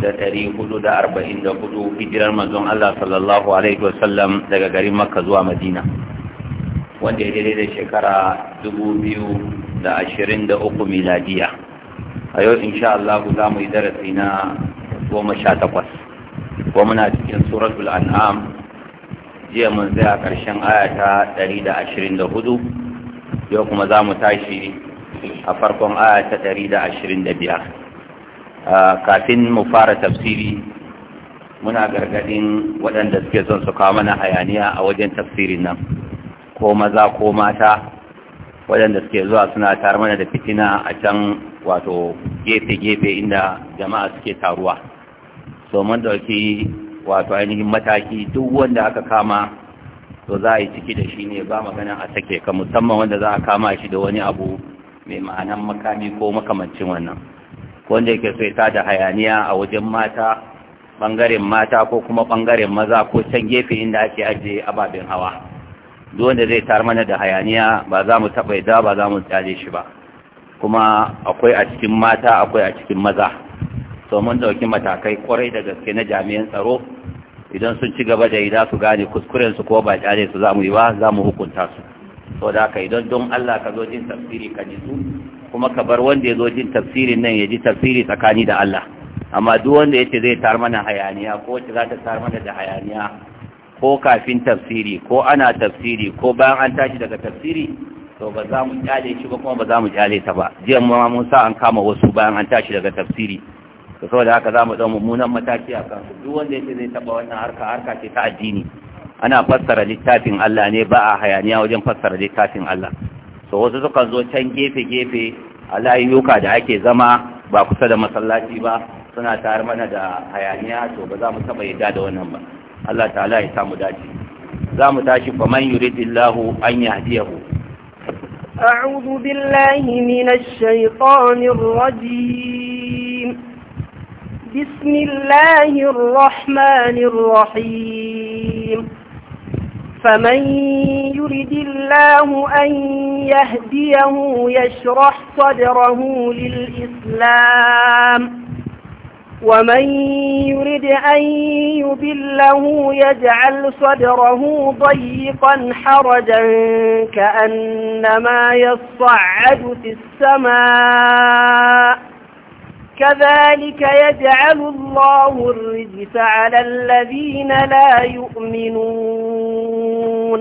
da ɗari hudu da arba'in da hudu hijirar manzon Allah sallallahu alaihi wasallam daga garin Makka zuwa Madina wanda ya daidai da shekara dubu biyu da ashirin da uku miladiya a yau insha Allah za mu yi darasi na goma sha takwas ko muna cikin suratul an'am jiya mun tsaya ƙarshen aya ta ɗari da ashirin da hudu yau kuma za mu tashi a farkon aya ta ɗari da ashirin da biyar Ah, kafin mu fara tafsiri muna gargadin waɗanda suke son su kawo mana hayaniya a wajen tafsirin nan ko maza ko mata waɗanda suke zuwa suna tar mana da fitina a can wato gefe-gefe inda jama'a suke taruwa so mun dauki wato ainihin mataki duk wanda aka kama to za a yi ciki da shi ne ba magana a sake ka musamman wanda za a kama shi da wani abu mai ma'anan makami ko makamancin wannan wanda yake so ya tada hayaniya a wajen mata bangaren mata ko kuma bangaren maza ko can gefe inda ake ajiye ababen hawa duk wanda zai tar mana da hayaniya ba za mu taɓa yadda ba za mu tsaye shi ba kuma akwai a cikin mata akwai a cikin maza to mun ɗauki matakai kwarai da gaske na jami'an tsaro idan sun ci gaba da yi za su gane kuskuren su ko ba tsale su za mu yi ba za mu hukunta su saboda haka idan don Allah ka zo jin tafsiri ka nisu kuma ka bar wanda ya zo jin tafsirin nan ya ji tafsiri tsakani da Allah amma duk wanda ya ce zai tar mana hayaniya ko wacce za ta tar mana da hayaniya ko kafin tafsiri ko ana tafsiri ko bayan an tashi daga tafsiri to ba za mu kyale shi ba kuma ba za mu kyale ta ba jiya ma mun sa an kama wasu bayan an tashi daga tafsiri to saboda haka za mu ɗau mummunan mataki a kansu duk wanda ya zai taɓa wannan harka harka ce ta addini ana fassara littafin Allah ne ba a hayaniya wajen fassara littafin Allah so wasu sukan zo can gefe-gefe a layuka da ake zama ba kusa da masallaci ba suna tare mana da hayaniya to ba za mu taba yadda da wannan ba Allah ta'ala ya samu dace za mu tashi fa man yuridillahu an yahdiyahu a'udhu billahi minash shaitanir rajim bismillahir rahmanir rahim فمن يرد الله أن يهديه يشرح صدره للإسلام ومن يرد أن يبله يجعل صدره ضيقا حرجا كأنما يصعد في السماء كذلك يجعل الله الرجس على الذين لا يؤمنون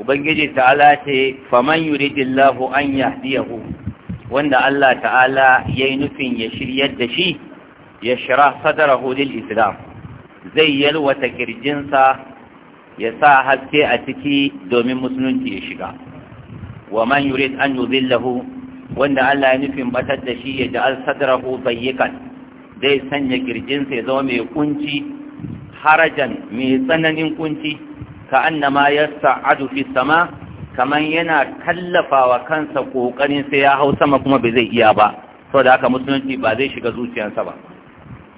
وبنجي تعالى فمن يريد الله أن يهديه وأن الله تعالى ينفن يشر يدشي يشرح صدره للإسلام زي يلوتكر جنسا يسا حسكي أتكي دومي مسلم يشغى ومن يريد أن يذله wanda Allah ya nufin batar da shi ya al sadrahu dayyikan zai sanya kirjinsa ya zama mai kunci harajan mai tsananin kunci ka annama yas'adu fi sama kaman yana kallafawa kansa kokarin sai ya hau sama kuma bai zai iya ba saboda haka musulunci ba zai shiga zuciyarsa ba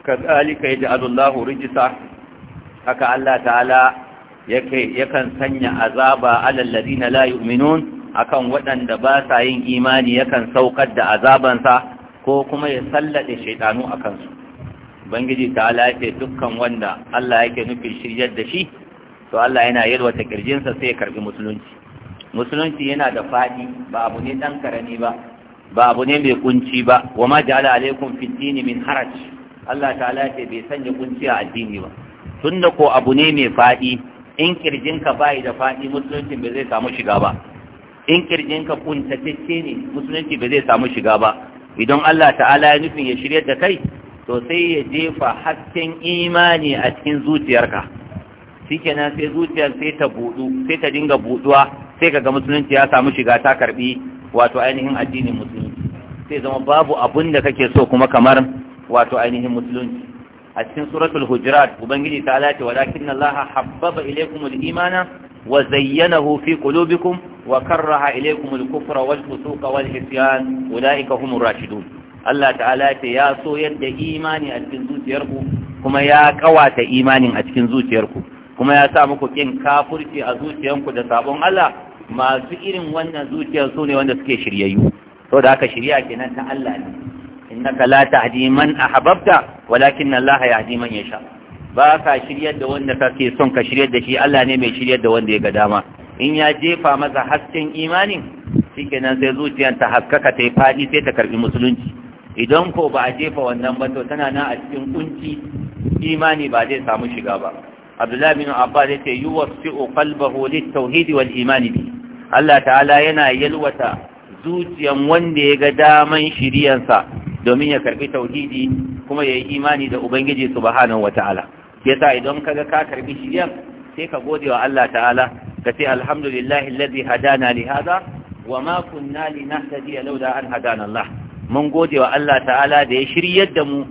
kadhalika yaj'alu Adullahu rijsa haka Allah ta'ala yakan sanya azaba alal la yu'minun akan waɗanda ba sa yin imani yakan saukar da azabansa ko kuma ya sallade shaitanu a kansu Bangiji ta ce dukkan wanda Allah yake nufin shiryar da shi to Allah yana yalwata kirjinsa sai ya karbi musulunci musulunci yana da faɗi ba abu ne ɗan karami ba ba abu ne mai kunci ba wa ma ala alaikum fid min haraj Allah ta ce bai sanya kunci a addini ba tunda ko abu ne mai faɗi in kirjinka bai da faɗi musulunci bai zai samu shiga ba in kirjinka kuntatacce ne musulunci ba zai samu shiga ba idan Allah ta'ala ya nufin ya shirya da kai to sai ya jefa hasken imani a cikin zuciyarka shikenan sai zuciyar sai ta budu sai ta dinga buduwa sai kaga musulunci ya samu shiga ta karbi wato ainihin addinin musulunci sai zama babu abun da kake so kuma kamar wato ainihin musulunci a cikin suratul hujurat ubangiji ta lati walakin Allah habbaba ilaykumul imana wa zayyana hufi qulubikum wa karraha ilaykum al-kufra wal fusuqa wal isyan ulaika humur rashidun Allah ta'ala ce ya so yadda imani a cikin zuciyarku kuma ya kawata imanin a cikin zuciyarku kuma ya sa muku kin kafurci a zuciyarku da sabon Allah masu irin wannan zuciyar su wanda suke shiryayyu saboda haka shirya kenan ta Allah ne innaka la tahdi man ahbabta walakin Allah yahdi man yasha ba ka shiryar da wanda kake son ka shiryar da shi Allah ne mai shiryar da wanda ya ga dama in ya jefa masa hasken imanin shikenan sai zuciyar ta haskaka ta yi fadi sai ta karbi musulunci idan ko ba a jefa wannan ba to tana nan a cikin kunci imani ba zai samu shiga ba Abdullahi bin Abba Abbas yace yuwaffi'u qalbahu lit-tauhid wal-iman bi Allah ta'ala yana yalwata zuciyan wanda ya ga daman shiriyansa domin ya karbi tauhidi kuma ya yi imani da ubangiji subhanahu wataala sa idan ga ka karbi yan sai ka gode wa Allah ta'ala ka ce alhamdulillahi alladhi hadana li hada wa ma kunna linahtadiya laula an hadana Allah mun gode wa Allah ta'ala da ya shiryar da mu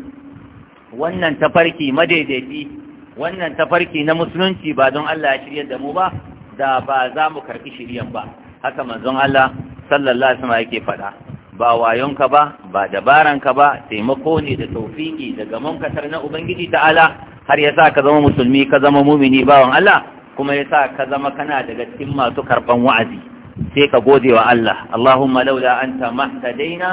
wannan tafarki madaidaici wannan tafarki na musulunci ba don Allah ya shiryar da mu ba da ba za mu karbi shiryan ba haka manzon Allah sallallahu alaihi wasallam yake faɗa ba wayonka ba ba dabaranka ba taimako ne da taufiki daga mankatar na ubangiji ta'ala har ya sa ka zama musulmi ka zama mumini bawan Allah kuma ya sa ka zama kana daga cikin masu karban wa'azi sai ka gode wa Allah Allahumma laula anta mahtadaina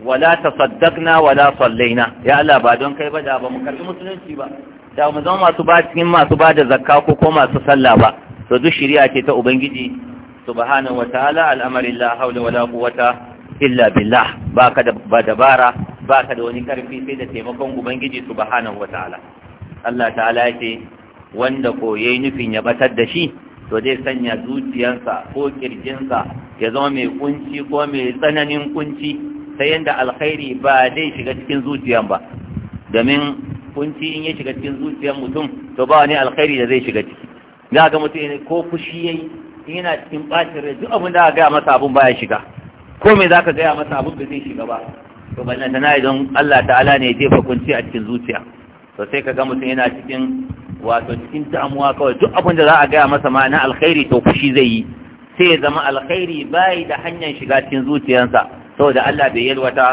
wala tasaddaqna wala sallaina ya Allah ba don kai ba da ba mu karbi musulunci ba da mu zama masu ba cikin masu ba da zakka ko ko masu sallah ba to duk shari'a ce ta ubangiji subhanahu wataala al'amarin la hawla wala quwwata illa billah ba ka da dabara baka da wani karfi sai da taimakon ubangiji subhanahu wataala Allah ta'ala yake wanda ko yayi nufin ya batar da shi to zai sanya zuciyarsa ko kirjinsa ya zama mai kunci ko mai tsananin kunci ta yanda alkhairi ba zai shiga cikin zuciyar ba domin kunci in ya shiga cikin zuciyar mutum to ba wani alkhairi da zai shiga ciki za ga mutum ko fushi yayi yana cikin bacin rai duk abin da aka gaya masa abin baya shiga ko me zaka gaya masa abin da zai shiga ba to balla tana idan Allah ta'ala ne ya jefa kunci a cikin zuciya to sai kaga mutum yana cikin wato cikin ta'amuwa kawai duk abin da za a gaya masa ma na alkhairi to fushi zai yi sai ya zama alkhairi bai da hanyar shiga cikin zuciyarsa saboda Allah bai yalwata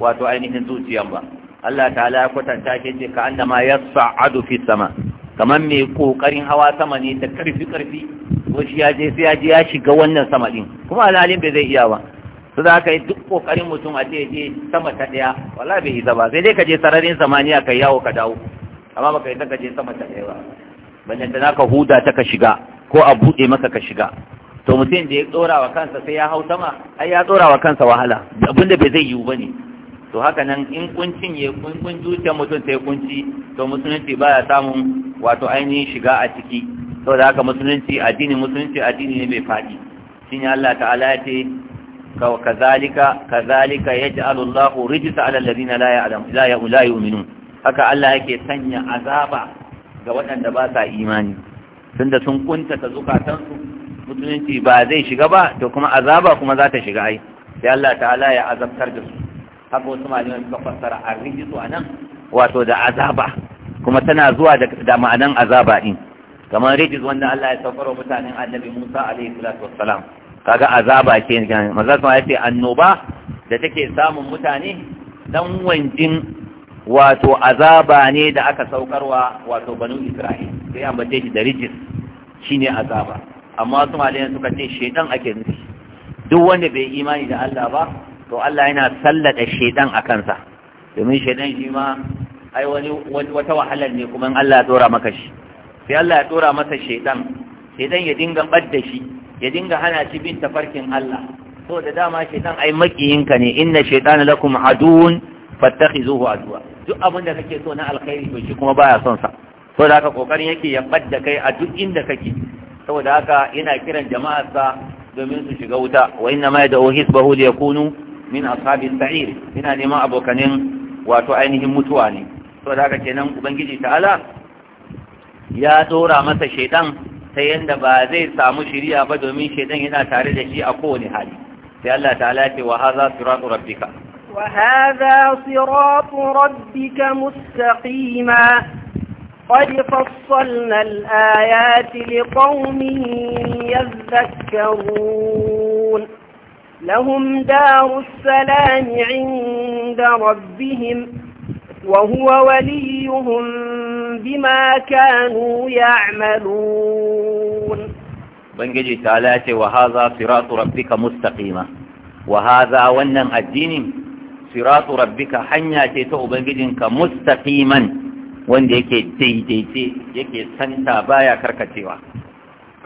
wato ainihin zuciyar ba Allah ta'ala ya kwatanta shi ce ka annama yas'adu fi sama kamar mai kokarin hawa sama ne da karfi karfi ko shi ya je sai ya ya shiga wannan sama din kuma alalin bai zai iya ba su za ka yi duk kokarin mutum a ce je sama ta ɗaya wala bai isa ba sai dai ka je sararin samaniya ka yawo ka dawo amma baka yi ka je sama ta ɗaya ba bayan da naka huda ta ka shiga ko a buɗe maka ka shiga to mutum da ya tsora wa kansa sai ya hau sama ai ya tsora wa kansa wahala abinda bai zai yiwu ba ne to haka nan in kuncin ya kun zuciyar mutum ta yi kunci to musulunci ba ya samun wato ainihin shiga a ciki saboda haka musulunci addini musulunci addini ne mai faɗi Shin Allah ta'ala ya ce kawa kazalika kazalika yaj'alu Allahu rijsa 'ala alladhina la ya'lamu la la yu'minun haka Allah yake sanya azaba ga waɗanda ba sa imani tunda sun kunta ta zukatansu musulunci ba zai shiga ba to kuma azaba kuma za ta shiga ai sai Allah ta'ala ya azabtar da su haka wasu malaman suka fassara arrijisu anan wato da azaba kuma tana zuwa da ma'anan azaba din kamar Rijis, wanda Allah ya saukar wa mutanen annabi Musa alaihi salatu wassalam kaga azaba ce maza kuma ya ce annoba da take samun mutane dan wanjin wato azaba ne da aka saukarwa wato banu isra'il sai an bace shi da rijis shine azaba amma su malayan suka ce shedan ake nufi duk wanda bai imani da Allah ba to Allah yana sallada shedan a kansa domin shedan shi ma ai wani wata wahalar ne kuma Allah ya dora maka shi sai Allah ya dora masa shedan shedan ya dinga da shi ya dinga hana shi bin tafarkin Allah to da dama shaitan ai makiyinka ne inna shaitana lakum aduun fattakhizuhu aduwa duk abin da kake so na alkhairi to shi kuma baya son sa to da haka kokarin yake ya badda kai a duk inda kake saboda haka yana kiran jama'arsa domin su shiga wuta wa inna ma yad'u hisbahu li yakunu min ashabis sa'ir ina neman abokanin wato ainihin mutuwa ne saboda haka kenan ubangiji ta'ala ya dora masa shaitan ta yanda ba zai samu shiriya ba domin shaidan yana tare da shi a kowane hali sai Allah ta'ala ce wa hadha siratu rabbika wa hadha siratu rabbika mustaqima qad fassalna al-ayati liqaumin yadhakkarun lahum daru salam 'inda rabbihim وهو وليهم بما كانوا يعملون بنجي تعالى وهذا صراط ربك مستقيما وهذا ونن الدين صراط ربك حنيا تيتو بنجينك مستقيما wanda yake daidaice yake santa baya karkacewa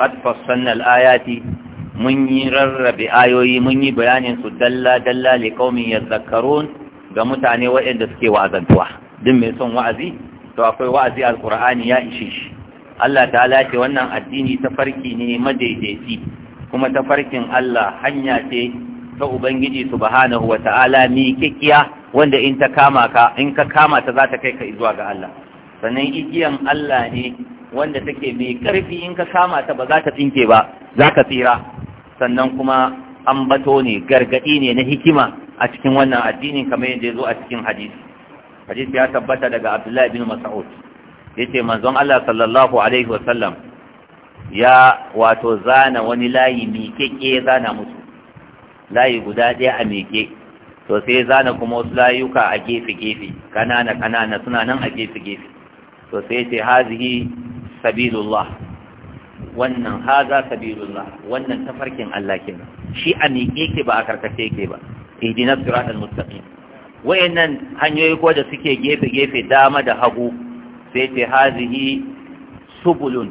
qad fassalna al-ayati mun yi rarrabe ayoyi mun yi bayanin su dalla dalla liqaumin yadhakkarun ga mutane waɗanda suke wa'azantuwa din mai son wa'azi to akwai wa'azi alkur'ani ya ishe shi Allah ta ce wannan addini ta farki ne madaidaiti kuma tafarkin Allah hanya ce ta Ubangiji subhanahu wa ta'ala mi kikiya wanda in ta kama ka in ka kama ta za ta kai ka zuwa ga Allah sannan igiyan Allah ne wanda take mai karfi in ka kama ta ba za ta tsinke ba za ka tsira sannan kuma ambato ne gargadi ne na hikima a cikin wannan addinin kamar yadda ya zo a cikin hadisi hadisi ya tabbata daga abdullahi bin mas'ud Ya ce, manzon Allah sallallahu alaihi wasallam ya wato zana wani layi miƙeƙe zana musu layi guda ɗaya a miƙe to sai zana kuma wasu layuka a gefe-gefe kanana kanana suna nan a gefe-gefe to sai ce hazihi sabilullah wannan haza sabilullah wannan tafarkin Allah kenan shi a miƙe ke ba a karkace ke ba ihdina siratal mustaqim wayannan hanyoyi ko da suke gefe gefe dama da hagu sai ce hazihi subulun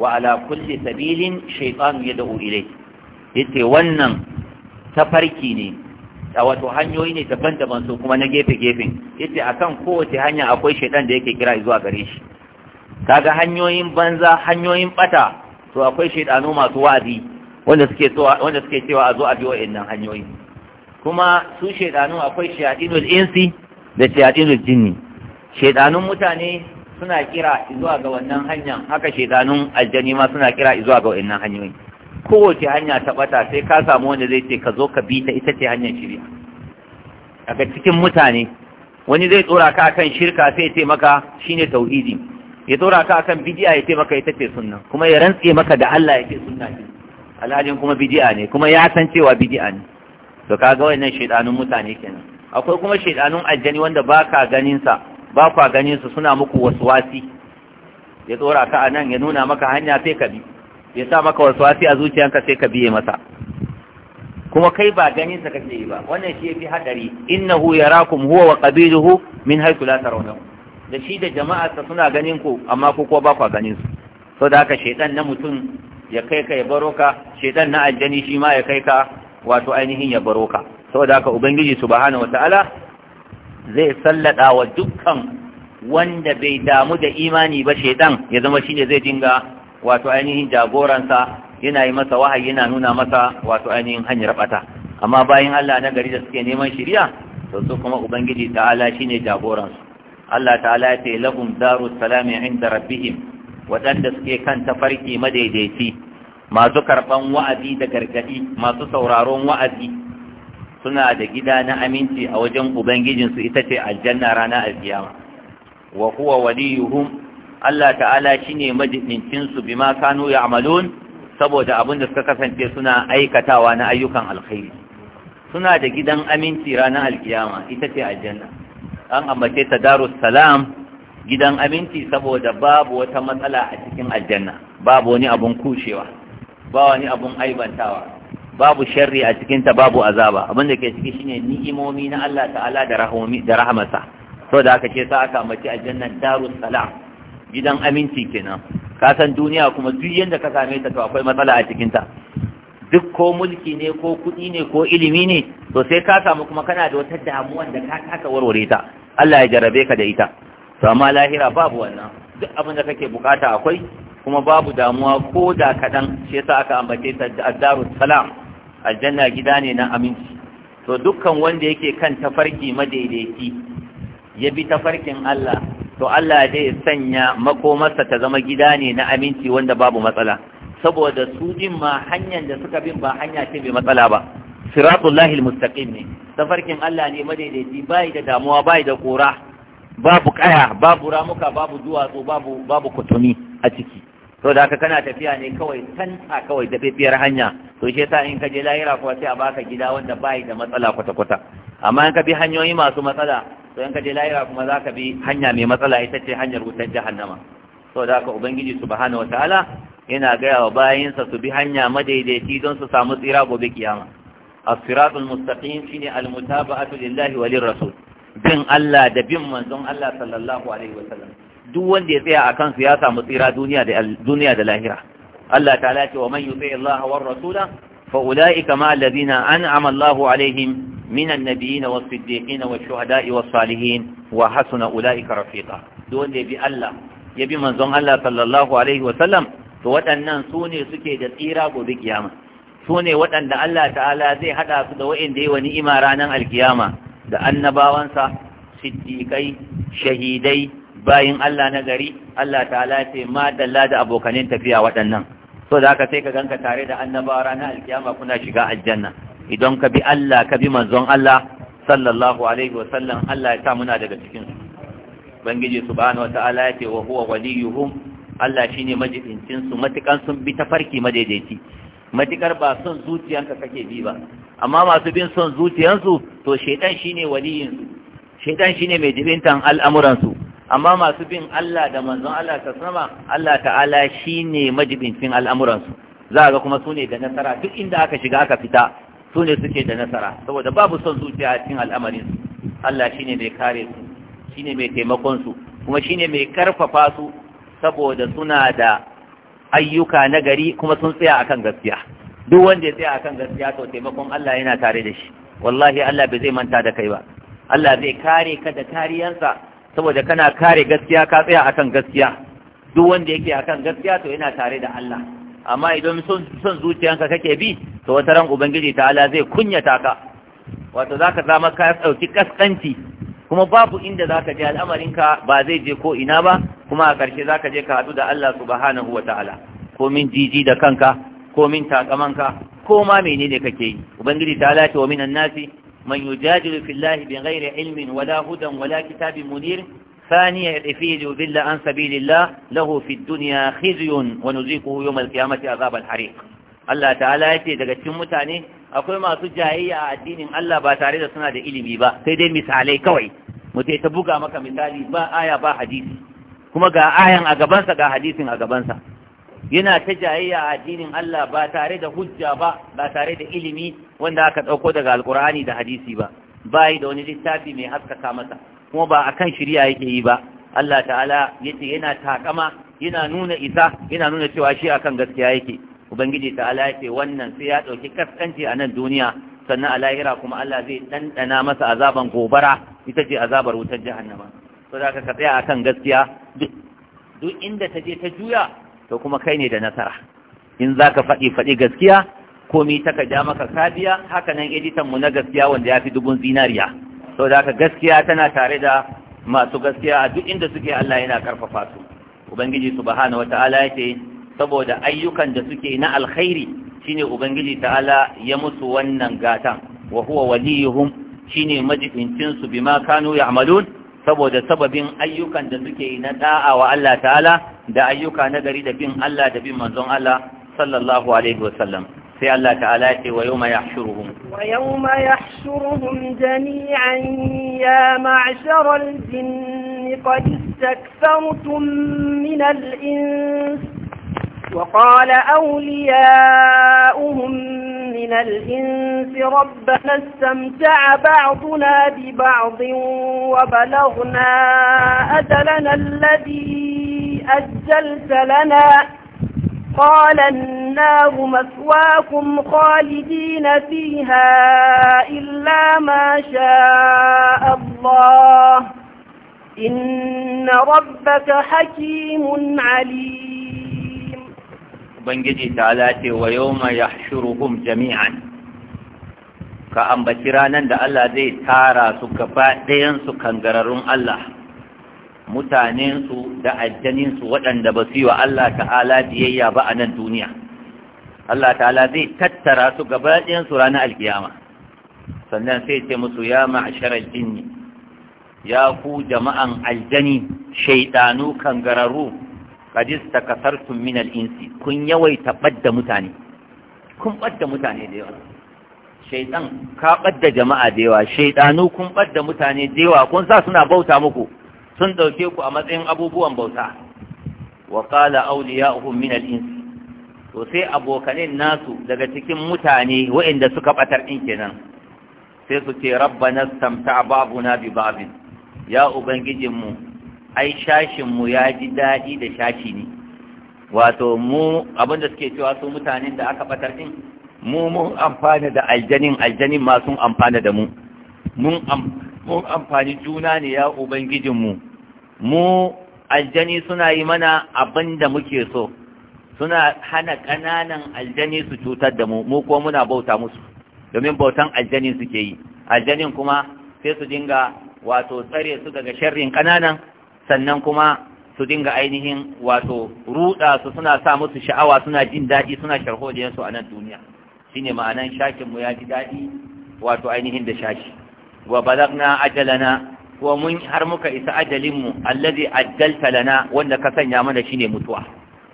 wa ala kulli sabilin shaytan yad'u ilayhi yace wannan tafarki ne a wato hanyoyi ne daban-daban su kuma na gefe-gefen a kan kowace hanya akwai shaidan da yake kira zuwa gare shi kaga hanyoyin banza hanyoyin bata to akwai shaidanu masu wa'azi wanda suke cewa a zo a bi nan hanyoyi kuma su shaidanu akwai shaidinul insi da shaidinul jinni shaidanun mutane suna kira zuwa ga wannan hanyar haka shaidanun aljani ma suna kira zuwa ga wannan hanyoyi kowace hanya ta bata sai ka samu wanda zai ce ka zo ka bi ta ita ce hanyar shirya daga cikin mutane wani zai tsora ka kan shirka sai ce maka shine tauhidi ya tsora ka kan bid'a ya ce maka ita ce sunna kuma ya rantse maka da Allah ya ce sunna ce alhalin kuma bid'a ne kuma ya san cewa bid'a ne to kaga wannan shedanun mutane kenan akwai kuma shedanun aljani wanda baka ganin sa ba ku ganin su suna muku waswasi ya tsora ka anan ya nuna maka hanya sai ka bi ya sa maka waswasi a zuciyanka sai ka biye masa kuma kai ba ganin sa kake yi ba wannan shi yafi hadari innahu yarakum huwa wa qabiluhu min haythu la tarawna da shi da jama'a sa suna ganin ku amma ku ko ba ku ganin su saboda haka shedan na mutum ya kai ka ya baro ka shedan na aljani shi ma ya kai ka wato ainihin ya baro ka saboda haka ubangiji subhanahu wataala zai sallada wa dukkan wanda bai damu da imani ba shedan ya zama shine zai dinga wato ainihin jagoransa yana yi masa wahayi yana nuna masa wato ainihin hanyar bata amma bayan Allah na gari da suke neman shiriya to su kuma ubangiji ta'ala shine jagoransu Allah ta'ala ya ce lahum darus salami inda rabbihim wadanda suke kan tafarki madaidaici masu karɓan wa'azi da gargaɗi masu sauraron wa'azi suna da gida na aminci a wajen ubangijinsu ita ce aljanna rana alkiyama wa huwa waliyuhum Allah ta'ala shine majidincin su bima kanu ya'malun saboda abin da suka kasance suna aikatawa na ayyukan alkhairi suna da gidan aminci ranar alkiyama ita ce aljanna an ambace ta darus salam gidan aminci saboda babu wata matsala a cikin aljanna babu wani abun kushewa ba wani abun aibantawa babu sharri a cikinta babu azaba abin da ke ciki shine ni'imomi na Allah ta'ala da rahomi da rahmasa to da aka ce sa aka mace a aljanna darus salam gidan aminci kenan ka san duniya kuma duk yanda ka same ta to akwai matsala a cikinta duk ko mulki ne ko kuɗi ne ko ilimi ne to sai ka samu kuma kana da wata damuwa da ka kasa warware ta Allah ya jarabe ka da ita to amma lahira babu wannan duk abin da kake bukata akwai kuma babu damuwa ko da kaɗan shi yasa aka ambace ta addaru salam aljanna gida ne na aminci to dukkan wanda yake kan tafarki madaidaiti ya bi tafarkin Allah to Allah zai sanya makomarsa ta zama gida ne na aminci wanda babu matsala saboda su din ma hanyar da suka bin ba hanya ce mai matsala ba siratullahi almustaqim ne tafarkin Allah ne madaidaiti bai da damuwa bai da kora babu kaya babu ramuka babu duwatsu babu babu kutumi a ciki to da haka kana tafiya ne kawai tanta kawai tafiyar hanya to shi yasa in ka je lahira kuwa sai a baka gida wanda bai da matsala kwata kwata amma in ka bi hanyoyi masu matsala to in ka je lahira kuma zaka bi hanya mai matsala ita ce hanyar wutar jahannama to da haka ubangiji subhanahu wataala yana gaya wa bayinsa su bi hanya madaidaici don su samu tsira gobe kiyama as-siratul mustaqim shine al-mutaba'atu lillahi wa lirrasul bin Allah da bin manzon Allah sallallahu alaihi sallam duk wanda ya tsaya a kansu ya samu tsira duniya da lahira Allah ta lati wa man yuti Allah war rasula fa ulaika ma alladhina an'ama Allah alaihim min an-nabiyyin was-siddiqin wash-shuhada'i was-salihin wa hasuna ulaika rafiqa duk wanda bi Allah ya bi manzon Allah sallallahu alaihi wa sallam to waɗannan su ne suke da tsira gobe kiyama su ne waɗanda Allah ta'ala zai haɗa su da wa'inda yi wa ni'ima ranar alkiyama da annabawansa siddiƙai shahidai bayin Allah na gari Allah ta'ala ce ma dalla da abokanin tafiya waɗannan so da haka sai ka ganka tare da annabawa ranar alkiyama kuna shiga aljanna idan ka bi Allah ka bi manzon Allah sallallahu alaihi wa sallam Allah ya sa muna daga cikin su bangiji subhanahu wa ta'ala ya ce wa huwa waliyuhum Allah shine majibincin su matukan sun bi ta farki madaidaici matukar ba son zuciyanka kake bi ba amma masu bin son zuciyansu to shaitan shine waliyin su shaitan shine mai jibintan al'amuransu. su amma masu bin Allah da manzon Allah ta sama Allah ta'ala shi ne majibincin al'amuransu za a ga kuma su ne da nasara duk inda aka shiga aka fita su ne suke da nasara saboda babu son zuciya a cikin al'amarinsu Allah shi ne mai kare su shi ne mai taimakonsu kuma shi ne mai karfafa su saboda suna da ayyuka na gari kuma sun tsaya akan gaskiya duk wanda ya tsaya akan gaskiya to taimakon Allah yana tare da shi wallahi Allah bai zai manta da kai ba Allah zai kare ka da kariyansa saboda kana kare gaskiya ka tsaya akan gaskiya duk wanda yake akan gaskiya to yana tare da Allah amma idan son zuciyanka kake bi to wata ran ubangiji Allah zai kunyata ka wato zaka zama ka dauki kaskanci kuma babu inda zaka je ka ba zai je ko ina ba kuma a ƙarshe zaka je ka hadu da Allah subhanahu wata'ala ko min jiji da kanka ko min takamanka ko ma menene kake yi ubangiji ta'ala ce wa minan nasi من يجادل في الله بغير علم ولا هدى ولا كتاب منير ثانية فيه ليذل عن سبيل الله له في الدنيا خزي ونذيقه يوم القيامة عذاب الحريق Allah ta'ala ya ce daga cikin mutane akwai masu jayayya a addinin Allah ba tare da suna da ilimi ba sai dai misalai kawai mutai ta buga maka misali ba aya ba hadisi kuma ga ayan a gabansa ga hadisin a gabansa yana ta jayayya a addinin Allah ba tare da hujja ba ba tare da ilimi wanda aka ɗauko daga alkur'ani da hadisi ba Ba yi da wani littafi mai haskaka masa kuma ba akan shirya yake yi ba Allah ta'ala yace yana takama yana nuna isa yana nuna cewa shi akan gaskiya yake ubangiji ta'ala yace wannan sai ya ɗauki kaskanci a nan duniya sannan a lahira kuma Allah zai dandana masa azaban gobara ita ce azabar wutar jahannama saboda ka tsaya akan gaskiya duk inda ta je ta juya to kuma kai ne da nasara in za ka faɗi faɗi gaskiya komi ta ka ja maka kadiya haka nan editan mu na gaskiya wanda ya fi dubun zinariya sau da haka gaskiya tana tare da masu gaskiya a duk inda suke Allah yana karfafa su ubangiji subhanahu wata'ala yake saboda ayyukan da suke na alkhairi shine ubangiji ta'ala ya musu wannan gatan wa huwa waliyuhum shine majibincin su bima kanu ya'malun saboda sababin ayyukan da suke yi na da'a wa Allah ta'ala da ayyuka na gari da bin Allah da bin manzon Allah sallallahu alaihi wasallam sai Allah ta'ala ya ce wa yawma yahshuruhum wa yawma yahshuruhum jami'an ya ma'shara al-jinn qad istakfartum min al وقال أولياؤهم من الإنس ربنا استمتع بعضنا ببعض وبلغنا أجلنا الذي أجلت لنا قال النار مثواكم خالدين فيها إلا ما شاء الله إن ربك حكيم عليم ubangiji ta ce wa yawma yahshuruhum jami'an ka ambaci ranar da Allah zai tara su gaba ɗayan kangararrun Allah mutanensu da aljanin waɗanda ba su yi wa Allah ta'ala biyayya ba a nan duniya Allah ta'ala zai tattara su gaba ɗayan ranar alkiyama sannan sai ce musu ya ma'asharar jini. ya ku jama'an aljani shaidanu kangararru qadis takasartum min al-insi kun yawaita badda mutane kun badda mutane da yawa shaytan ka badda jama'a da yawa shaidanu kun badda mutane da yawa kun sa suna bauta muku sun dauke ku a matsayin abubuwan bauta wa qala awliya'uhum min al-insi to sai abokanin nasu daga cikin mutane waɗanda suka batar din kenan sai su ce rabbana samta babuna bi babin ya ubangijinmu ai shashinmu ya ji daɗi da shashi ne wato mu abinda suke cewa su mutanen da aka batar din mu mun amfana da aljanin aljanin ma sun amfana da mu mun amfani juna ne ya ubangijinmu mu aljani suna yi mana abin da muke so suna hana ƙananan aljani su cutar da mu mu ko muna bauta musu domin bautan aljani suke yi aljanin kuma sai su dinga wato tsare su daga sharrin ƙananan sannan kuma su dinga ainihin wato ruda su suna sa musu sha'awa suna jin daɗi suna da su a nan duniya shine ma'anan shakinmu mu ya ji daɗi wato ainihin da shaki wa balagna ajalana wa mun har muka isa ajalin mu allazi ajjalta lana wanda ka sanya mana shine mutuwa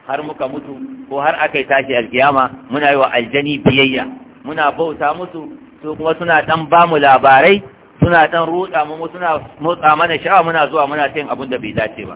har muka mutu ko har aka yi tashi alkiyama muna yi wa aljani biyayya muna bauta musu su kuma suna dan bamu labarai suna dan rutsa mu suna motsa mana sha'awa muna zuwa muna cin abin da bai dace ba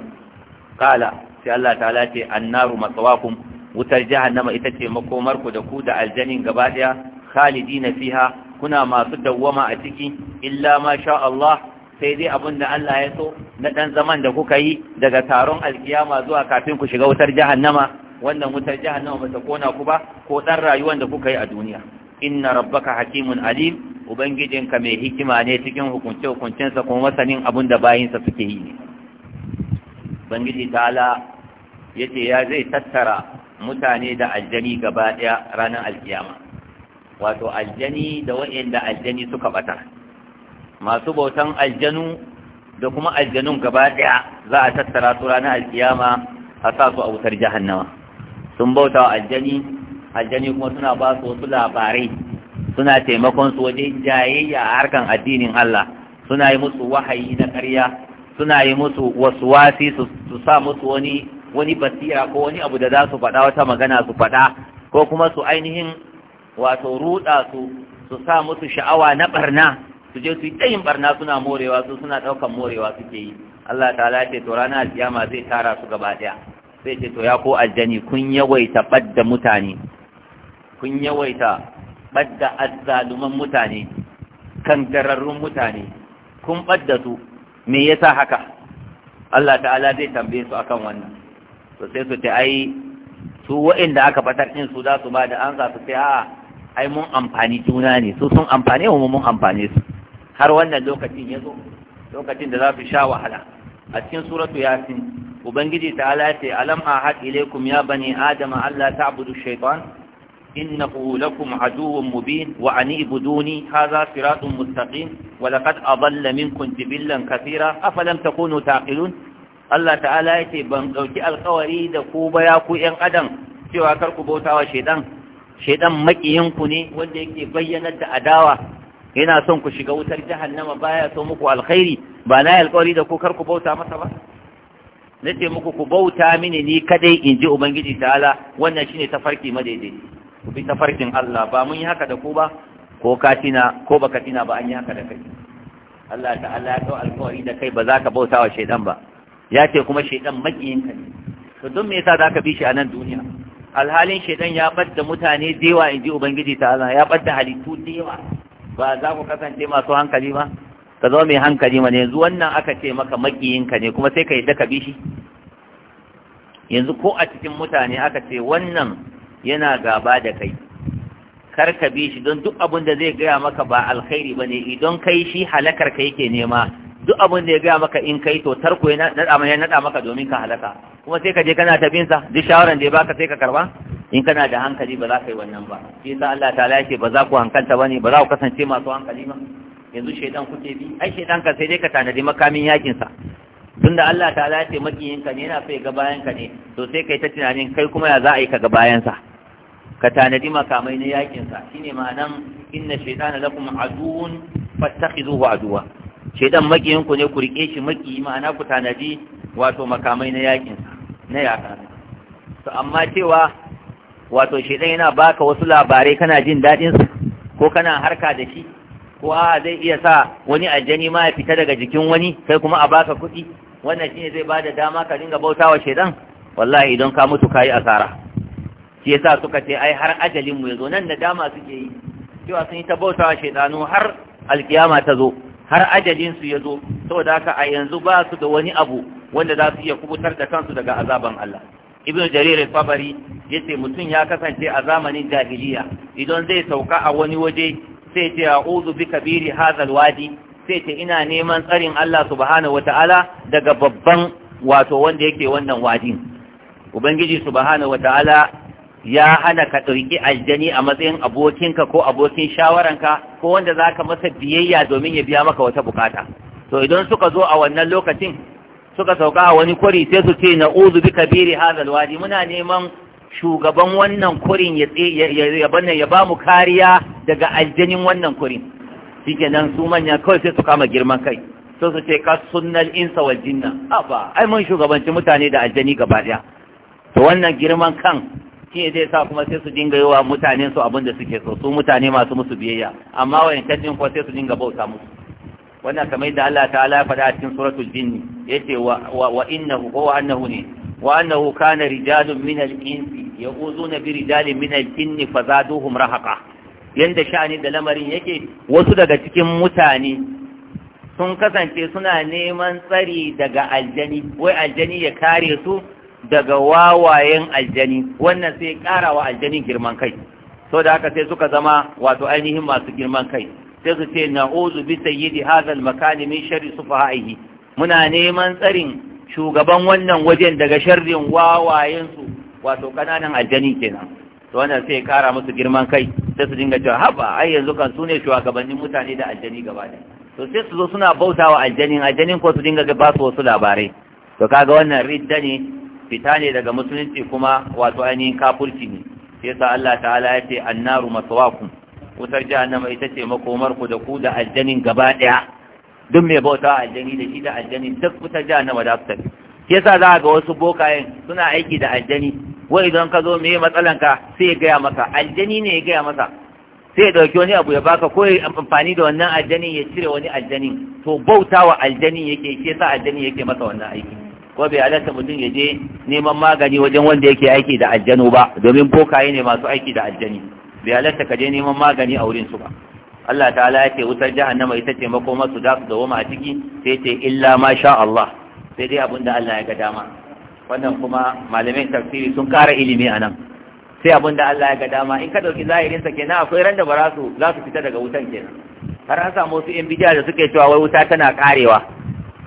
kala sai Allah ta'ala ce annaru masawakum wutar jahannama ita ce makomar ku da ku da aljanin gaba daya khalidina fiha kuna masu dawwama a ciki illa ma sha Allah sai dai abin da Allah ya so na dan zaman da kuka yi daga taron alkiyama zuwa kafin ku shiga wutar jahannama wannan wutar jahannama ba ta kona ku ba ko dan rayuwar da kuka yi a duniya inna rabbaka hakimun alim ka mai hikima ne cikin hukunce-hukuncensa kuma masanin abin da bayinsa suke yi ne ubangiji ta'ala ya ce ya zai tattara mutane da aljani gaba ɗaya ranar alkiyama wato aljani da waɗanda aljani suka bata, masu bautan aljanu da kuma aljanun gaba ɗaya za a tattara su ranar alkiyama a sa su a wutar jahannama. sun bauta aljani aljani kuma suna ba su wasu labarai suna taimakon su wajen jayayya a harkan addinin Allah suna yi musu wahayi na ƙarya suna yi musu wasu wasi su sa musu wani wani basira ko wani abu da za su faɗa wata magana su faɗa ko kuma su ainihin wato ruɗa su su sa musu sha'awa na barna su je su yi tsayin barna suna morewa su suna ɗaukan morewa suke yi Allah ta'ala ce to ranar alkiyama zai tara su gaba ɗaya sai ce to ya ko aljani kun yawaita ɓadda mutane kun yawaita ɓadda azzaluman mutane kangararrun mutane kun ɓadda su me yasa haka Allah ta'ala zai tambaye su akan wannan to sai su ta ai su wa'inda aka fatar din su za su ba da ansa su ce a ai mun amfani juna ne su sun amfani wa mun amfani su har wannan lokacin ya zo lokacin da za su sha wahala a cikin suratu yasin ubangiji ta'ala ya ce alam ahad ilaikum ya bani adama alla ta'budu shaytan إنه لكم عدو مبين وأن اعبدوني هذا صراط مستقيم ولقد أضل منكم جبلا كثيرا أفلم تكونوا تعقلون الله تعالى يتي بنقوتي القواري دكوبا ياكو 'yan adam. سوى كركو بوتا وشيطان شيطان مكيينكو ني wanda yake bayyana da adawa yana son ku shiga wutar jahannama baya so muku alkhairi ba na alkawari da ku karku bauta masa ba nace muku ku bauta mini ni kadai inji ubangiji ta'ala wannan shine tafarki daidai. ku bi tafarkin Allah ba mun yi haka da ku ba ko ka tina ko baka tina ba an yi haka da kai Allah ta'ala ya dau alƙawari da kai ba za ka bauta wa shaidan ba ya ce kuma shaidan makiyin ka ne to don me yasa ka bi shi a nan duniya alhalin shaidan ya badda mutane da yawa inji ubangiji ta'ala ya badda halittu da yawa ba za ku kasance masu hankali ba ka zama mai hankali ma yanzu wannan aka ce maka makiyin ka ne kuma sai ka yadda ka bi shi yanzu ko a cikin mutane aka ce wannan yana gaba da kai kar ka bi shi don duk abin da zai gaya maka ba alkhairi bane idan kai shi halakar ka yake nema duk abin da ya gaya maka in kai to tarko ya nada maka nada maka domin ka halaka kuma sai ka je kana tabin sa duk shawaran da ya baka sai ka karba in kana da hankali ba za ka yi wannan ba shi yasa Allah ta'ala yake ba za ku hankalta bane ba za ku kasance masu hankali ba yanzu shaidan kuke bi ai shaidan ka sai dai ka tanadi makamin yakin sa tunda Allah ta'ala ya ce makiyinka ne yana fa ga bayan ka ne to sai kai ta tunanin kai kuma ya za a yi ka ga sa ka tanadi makamai na yakinsa shine ma'anan inna shaytana lakum aduun fattakhizuhu aduwa shaytan makiyin ku ne ku rike shi maki ma'ana ku tanadi wato makamai na yakinsa na yaka to amma cewa wato shaytan yana baka wasu labarai kana jin dadin su ko kana harka da shi ko a zai iya sa wani aljani ma ya fita daga jikin wani sai kuma a baka kuɗi wannan shine zai bada dama ka dinga bautawa shaytan wallahi idan ka mutu yi asara shi yasa suka ce ai har ajalin mu yazo nan da dama suke yi cewa sun yi ta bautawa shaidanu har alkiyama ta zo har ajalinsu yazo saboda haka a yanzu ba su da wani abu wanda za su iya kubutar da kansu daga azaban Allah ibnu jarir al ya ce mutum ya kasance a zamanin jahiliya idan zai sauka a wani waje sai ce a'udhu bi kabiri hadha wadi sai ce ina neman tsarin Allah subhanahu wata'ala daga babban wato wanda yake wannan wadin ubangiji subhanahu wata'ala ya hana ka ɗauki aljani a matsayin abokinka ko abokin shawaranka ko wanda za ka masa biyayya domin ya biya maka wata bukata to idan suka zo a wannan lokacin suka sauka a wani kwari sai su ce na uzu bi kabiri hazal wadi muna neman shugaban wannan kurin ya ya ba mu kariya daga aljanin wannan kurin shikenan su manya kawai sai su kama girman kai sai su ce ka sunnal insa wal jinna aba ai mun shugabanci mutane da aljani gaba daya to wannan girman kan shi ne zai sa kuma sai su dinga yi wa mutane su abin da suke so su mutane masu musu biyayya amma wayancan din kuwa sai su dinga bauta musu wannan kamar yadda Allah ta'ala ya faɗa a cikin suratul jinni yace wa wa innahu wa annahu ne wa annahu kana rijalun min al-insi ya'uzuna bi rijalin min al-jinni fazaduhum rahaqa yanda sha'ani da lamarin yake wasu daga cikin mutane sun kasance suna neman tsari daga aljani wai aljani ya kare su daga wawayen aljani wannan sai ƙara wa aljani girman kai so da haka sai suka zama wato ainihin masu girman kai sai su ce na'uzu bi sayyidi hadha makani min sharri sufahaihi muna neman tsarin shugaban wannan wajen daga sharrin wawayen su wato kananan aljani kenan to wannan sai ƙara musu girman kai sai su dinga cewa haba ai yanzu kan su ne shugabannin mutane da aljani gaba ɗaya to sai su zo suna bautawa aljanin aljanin ko su dinga ba su wasu labarai to kaga wannan ridda ne fita ne daga musulunci kuma wato ainihin kafurci ne yasa Allah ta'ala ya ce annaru maswakum wutar jahannama ita ce makomar ku da ku da aljanin gaba daya duk mai bauta aljani da shi da aljani duk wutar jahannama da ta sa za ga wasu bokayen suna aiki da aljani wai idan ka zo meye ka sai ya gaya maka aljani ne ya gaya masa sai ya dauki wani abu ya baka ko ya amfani da wannan aljanin ya cire wani aljanin to bautawa aljanin yake ke sa aljanin yake masa wannan aiki ko bai halatta mutum ya je neman magani wajen wanda yake aiki da aljanu ba domin bokaye ne masu aiki da aljani bai halatta ka je neman magani a wurin su ba Allah ta'ala ya ce wutar jahannama ita ce mako masu za su dawoma a ciki sai ce illa ma sha Allah sai dai abin da Allah ya ga dama wannan kuma malamin tafsiri sun ƙara ilimi a nan sai abin da Allah ya ga dama in ka ɗauki zahirinsa kenan akwai ran da ba za su fita daga wutan kenan har an samu wasu yan bidiya da suke cewa wai wuta tana karewa.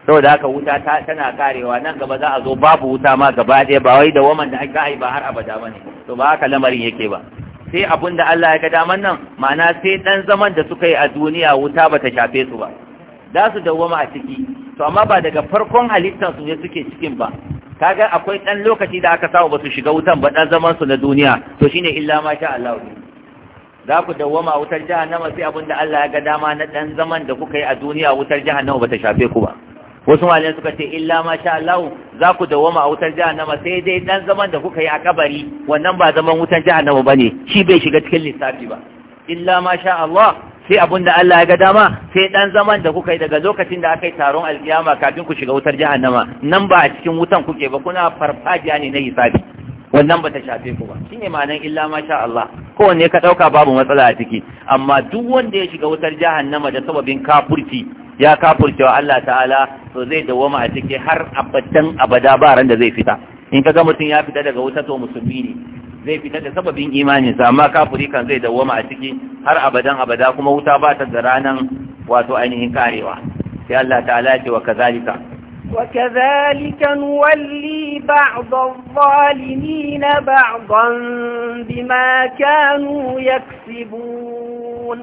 saboda haka wuta tana karewa nan gaba za a zo babu wuta ma gaba ɗaya ba wai da waman da aka yi ba har abada ba ne to ba haka lamarin yake ba sai abin da Allah ya ga daman nan ma'ana sai ɗan zaman da suka yi a duniya wuta ba ta shafe su ba za su dawwama a ciki to amma ba daga farkon halittar su ne suke cikin ba kaga akwai ɗan lokaci da aka samu ba su shiga wutan ba ɗan zaman su na duniya to shine illa ma sha Allah za ku dawwama wutar jahannama sai abin da Allah ya ga dama na ɗan zaman da kuka yi a duniya wutar jahannama ba ta shafe ku ba wasu malamai suka ce illa ma sha Allah za ku dawoma a wutar jahannama sai dai dan zaman da kuka yi a kabari wannan ba zaman wutar jahannama bane shi bai shiga cikin lissafi ba illa ma sha Allah sai abunda Allah ya ga dama sai dan zaman da kuka yi daga lokacin da aka yi taron alkiyama kafin ku shiga wutar jahannama nan ba a cikin wutan kuke ba kuna farfajiya ne na hisabi wannan ba ta shafe ku ba shine ma'anar illa ma sha Allah kowanne ka dauka babu matsala a ciki amma duk wanda ya shiga wutar jahannama da sababin kafurci ya kafurcewa Allah ta'ala to zai dawoma a ciki har abadan abada ba ran da zai fita in kaga mutum ya fita daga wuta to musulmi ne zai fita da sababin imaninsa amma kafuri kan zai dawoma a ciki har abadan abada kuma wuta ba ta da ranan wato ainihin karewa sai Allah ta'ala ce wa kazalika وكذلك نولي بعض الظالمين بعضا bima كانوا يكسبون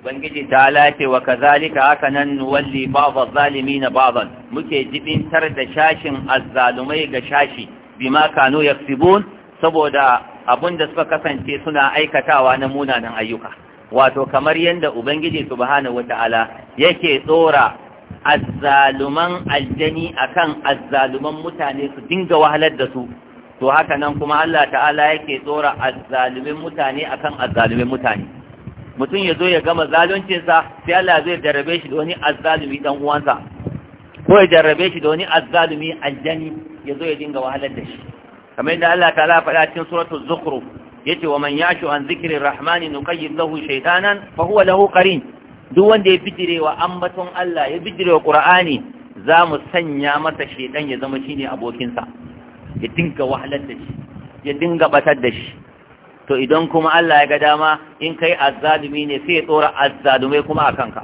ubangiji ta lace wa kazalika haka nan nuwalli zalimi na ba'dhan muke jibintar da shashin azzalumai ga shashi bima kanu yaksibun saboda abinda suka kasance suna aikatawa na munanan ayyuka wato kamar yadda ubangiji subhanahu wata'ala yake tsora azzaluman aljani akan azzaluman mutane su dinga wahalar da su to haka nan kuma Allah ta'ala yake tsora azzalumin mutane akan azzalumin mutane mutum ya zo ya gama zaluncinsa sai Allah zai jarrabe shi da wani azzalumi dan uwansa ko ya jarrabe shi da wani azzalumi aljani ya zo ya dinga wahalar da shi kamar yadda Allah ta'ala faɗa cikin suratul zukhruf yace wa man yashu an zikri rahmani nuqayyid lahu shaytanan fa huwa lahu qarin duk wanda ya bijire wa ambaton Allah ya bijire wa Qur'ani za mu sanya masa shaytan ya zama shine abokinsa ya dinga wahalar da shi ya dinga batar da shi to idan kuma Allah ya ga dama in kai azzalumi ne sai ya tsora azzalumai kuma a kanka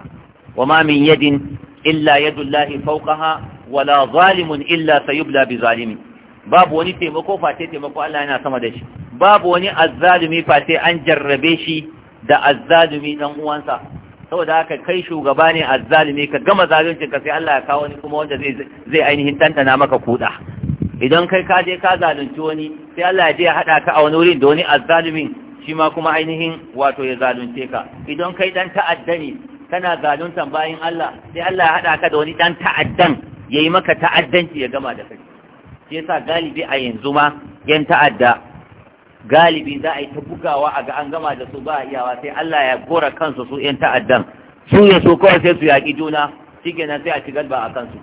wa ma min yadin illa yadullahi fawqaha wala zalimun illa sayubla bi zalimi babu wani taimako face taimako Allah yana sama da shi babu wani azzalumi face an jarrabe shi da azzalumi dan uwansa saboda haka kai shugaba ne azzalumi ka gama zaluncin ka sai Allah ya kawo ni kuma wanda zai zai ainihin tantana maka kuda idan kai ka je ka zalunci wani sai Allah ya je ya haɗa ka a wani wurin da wani azzalumin shi ma kuma ainihin wato ya zalunce ka idan kai dan ta'adda ne kana zaluntan bayin Allah sai Allah ya haɗa ka da wani dan ta'addan yayi maka ta'addanci ya gama da kai shi yasa galibi a yanzu ma yan ta'adda galibi za a yi ta bugawa a ga an gama da su ba iyawa sai Allah ya gora kansu su yan ta'addan su ya so kawai sai su yaƙi juna shi kenan sai a ci galba a kansu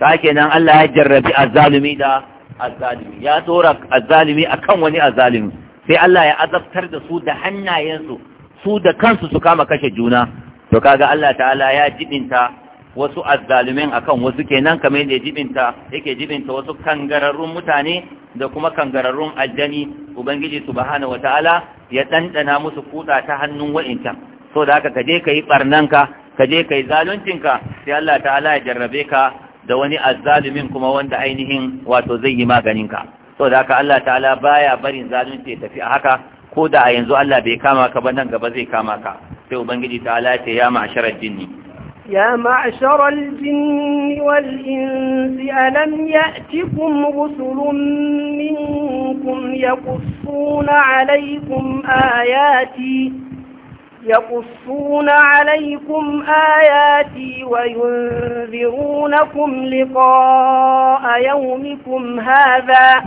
ta kenan Allah ya jarrabi azalumi da azzalumi ya tsora azzalumi akan wani azalumi. sai Allah ya azabtar da su da hannayensu su da kansu su kama kashe juna to kaga Allah ta'ala ya jibinta wasu azalumin akan wasu kenan kamar yadda jibinta yake jibinta wasu kangararrun mutane da kuma kangararrun aljani ubangiji subhanahu wataala ya dandana musu kuda ta hannun wa'incan so da haka kaje kai barnanka kaje kai zaluncin ka sai Allah ta'ala ya jarrabe ka da wani azzalumin kuma wanda ainihin wato zai yi maganinka da haka Allah ta'ala baya barin zalunci ya tafi a haka ko da a yanzu Allah bai kama ka ba nan gaba zai kama ka sai ubangiji ta'ala ce ya ma'asharar jinni يا معشر الجن والإنس ألم يأتكم رسل منكم يقصون عليكم آياتي يقصون عليكم آياتي وينذرونكم لقاء يومكم هذا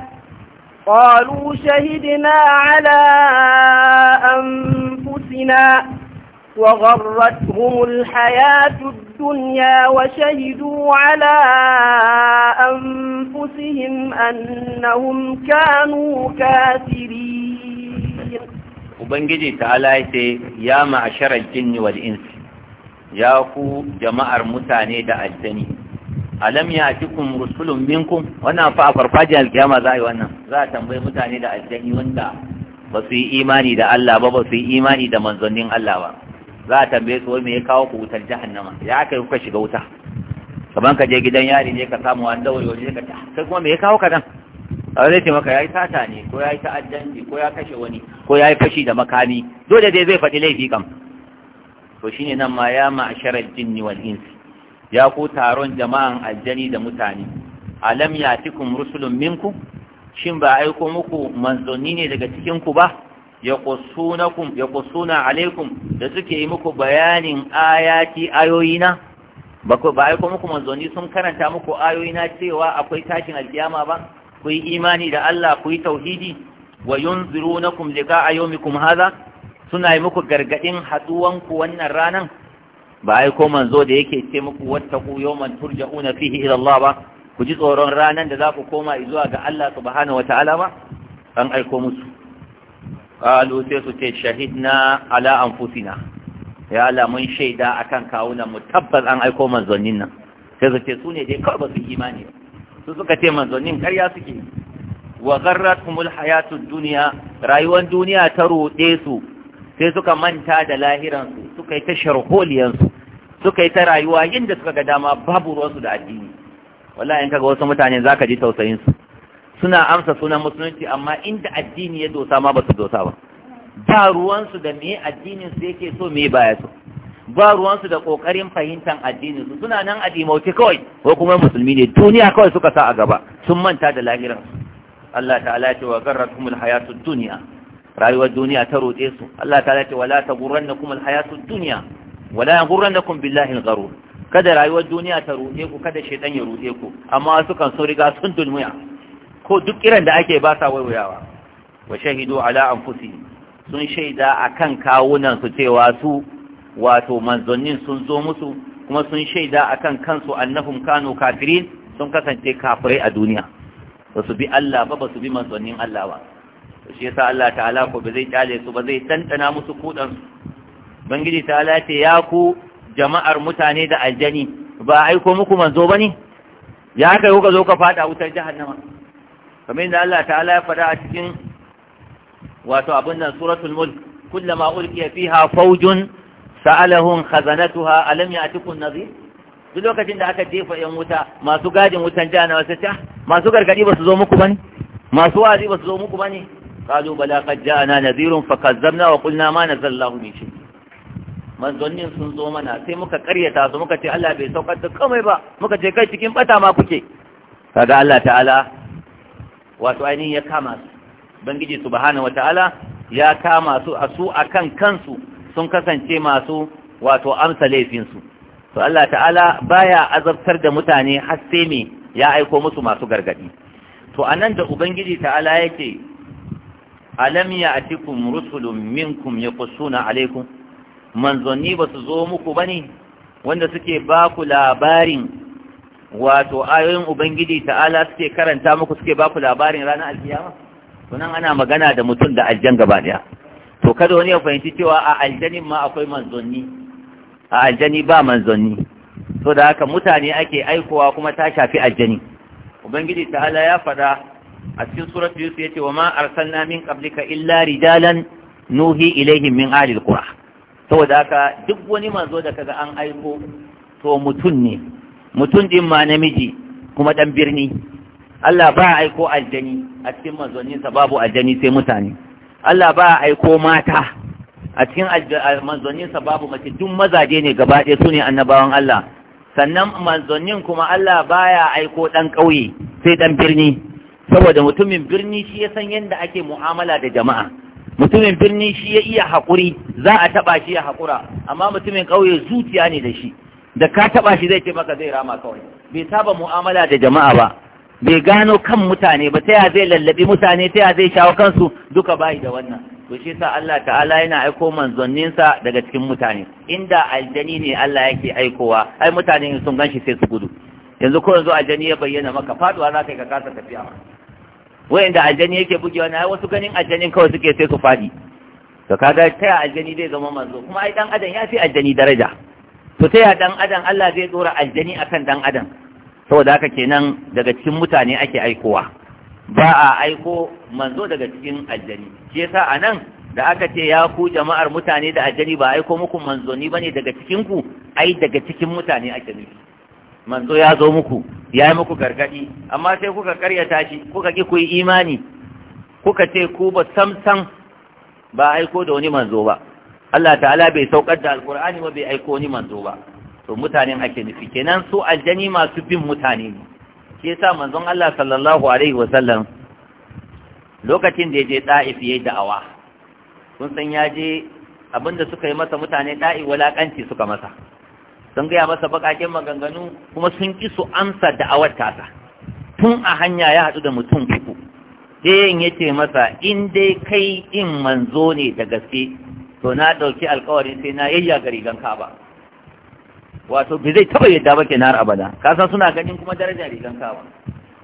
قالوا شهدنا على أنفسنا وغرتهم الحياة الدنيا وشهدوا على أنفسهم أنهم كانوا كافرين ubangiji ta'ala ya ce ya ma'asharar jinni wal insi ya ku jama'ar mutane da aljani alam ya cikin rusulun minkum wannan fa a farfajiyar alkiyama za a yi wannan za a tambayi mutane da aljani wanda ba su yi imani da Allah ba ba su yi imani da manzannin Allah ba za a tambaye su wai me ya kawo ku wutar jahannama ya aka yi kuka shiga wuta kaman ka je gidan yari ne ka samu wani dawo yau ne ka ta ah, sai kuma me ya kawo ka nan a zai ce maka ya yi sata ne ko ya yi ta'addanci ko ya kashe wani ko ya yi fashi da makami dole dai zai faɗi laifi kam to shine nan ma ya ma'asharar jinni wal insi ya ku taron jama'an aljani da mutane alam yatikum rusulun minku shin ba aiko muku manzanni ne daga cikin ku ba Ya kusuna alaikum da suke yi muku bayanin ayati ayoyina ba ba aiko muku manzanni sun karanta muku ayoyi na cewa akwai tashin alkiyama ba ku yi imani da Allah ku yi tauhidi wa yunzirunakum liqa'a yawmikum haza suna yi muku gargaɗin haɗuwanku ku wannan ranan ba ai ko zo da yake ce muku wattaqu yawman turja'una fihi ila ba ku ji tsoron ranan da za ku koma zuwa ga Allah subhanahu wata'ala ba an aiko musu Kalu sai su ce shahidna ala anfusina ya Allah mun shaida akan kawunan mu tabbas an aiko manzonnin nan sai su ce su ne dai kawai ba su imani ba su suka ce manzannin karya suke wa kuma hayatud dunya rayuwar duniya ta roɗe su sai suka manta da lahiran su suka yi ta sharholiyan suka yi ta rayuwa yadda suka ga dama babu ruwan da addini wallahi in kaga wasu mutane zaka ji tausayin su suna amsa sunan musulunci amma inda addini ya dosa ma ba su dosa ba ba ruwansu da me addinin su yake so me baya so ba ruwansu da ƙoƙarin fahimtar addinin su suna nan adimauti kawai ko kuma musulmi ne duniya kawai suka sa a gaba sun manta da lahiran Allah ta'ala ya ce wa garrakumul hayatud dunya rayuwar duniya ta roɗe su Allah ta'ala ya ce wala taghurrannakumul hayatud dunya wala yaghurrannakum billahi al-gharur kada rayuwar duniya ta ruɗe ku kada shaitan ya ruɗe ku amma su kan so riga sun dulmiya ko duk kiran da ake ba sa waiwayawa wa shahidu ala anfusihim sun shaida akan kawunan su cewa su wato manzannin sun zo musu kuma sun shaida a kan kansu annahum kanu kafirin sun kasance kafirai a duniya ba su bi Allah ba ba su bi manzannin Allah ba to shi yasa Allah ta'ala ko ba zai kyale su ba zai tantana musu kudan bangiji ta'ala ce ya ku jama'ar mutane da aljani ba aiko muku manzo bane ya kai kuka zo ka fada wutar jahannama kamar yadda Allah ta'ala ya fada a cikin wato abin nan suratul mulk kullama ulqiya fiha fawjun sa'alahum khazanatuha alam ya'tikum nadhir duk lokacin da aka jefa yan wuta masu gadin wutan jana wasu ta masu gargadi ba su zo muku bane masu wazi ba su zo muku bane qalu bala qad ja'ana nadhirun fakazzabna wa qulna ma nazzallahu min shay manzonnin sun zo mana sai muka karyata su muka ce Allah bai saukar da komai ba muka ce kai cikin bata ma kuke kaga Allah ta'ala wato ainihin ya kama su bangiji subhanahu wa ta'ala ya kama su a su akan kansu sun kasance masu wato amsa laifinsu to Allah ta'ala baya azabtar da mutane har sai me ya aiko musu masu gargadi to anan da ubangiji ta'ala yake alam ya'tikum rusulun minkum yaqussuna alaikum manzanni ba su zo muku bane wanda suke ba ku labarin wato ayoyin ubangiji ta'ala suke karanta muku suke ba ku labarin ranar alkiyama sunan ana magana da mutum da aljan gaba daya to kada wani ya fahimci cewa a aljanin ma akwai manzanni a aljani ba manzanni so da haka mutane ake aikowa kuma ta shafi aljani ubangiji ta'ala ya faɗa a cikin suratul yusuf yace wa ma arsalna min qablika illa rijalan nuhi ilaihim min ahli alqura saboda haka duk wani manzo da kaga an aiko to mutun ne mutun din ma namiji kuma dan birni Allah ba aiko aljani a cikin manzoninsa babu aljani sai mutane Allah ba aiko mata a cikin manzanninsa babu mace duk mazaje ne gaba ɗaya su ne annabawan Allah sannan manzonin kuma Allah baya aiko ɗan ƙauye sai ɗan birni saboda mutumin birni shi ya san yadda ake mu'amala da jama'a mutumin birni shi ya iya haƙuri za a taɓa shi ya haƙura amma mutumin ƙauye zuciya ne da shi da ka taɓa shi zai ce maka zai rama kawai bai saba mu'amala da jama'a ba bai gano kan mutane ba ta ya zai lallabi mutane ta ya zai shawo kansu duka bayi da wannan to shi sa Allah ta'ala yana aiko manzanninsa daga cikin mutane inda aljani ne Allah yake aikowa ai mutane sun ganshi sai su gudu yanzu ko yanzu aljani ya bayyana maka faduwa za ka yi ka kasa tafiya wayanda aljani yake bugewa na wasu ganin aljani kawai suke sai su fadi to kaga ta ya aljani zai zama manzo kuma ai dan adam ya fi aljani daraja to ta ya dan adam Allah zai dora aljani akan dan adam saboda haka kenan daga cikin mutane ake aikowa ba a aiko manzo daga cikin aljani shi yasa anan da aka ce ya ku jama'ar mutane da aljani ba aiko muku manzo ni bane daga cikin ku ai daga cikin mutane ake nufi manzo ya zo muku ya yi muku gargadi amma sai kuka karyata shi kuka ki ku yi imani kuka ce ku ba sam-sam. ba aiko da wani manzo ba Allah ta'ala bai saukar da alkur'ani ba bai aiko wani manzo ba to mutanen ake nufi kenan su aljani masu bin mutane ne shi sa manzon Allah sallallahu alaihi wasallam lokacin da yaje da'if yayi da'awa kun san yaje abinda suka yi masa mutane da'i walakanci suka masa sun gaya masa bakakin maganganu kuma sun ki su amsa da'awar tasa tun a hanya ya hadu da mutum uku ɗayan ya ce masa in dai kai in manzo ne da gaske to na ɗauki alkawarin sai na yayya ga rigan ka ba wato bai zai taba yadda ba kenan a abada ka san suna ganin kuma daraja rigan kawa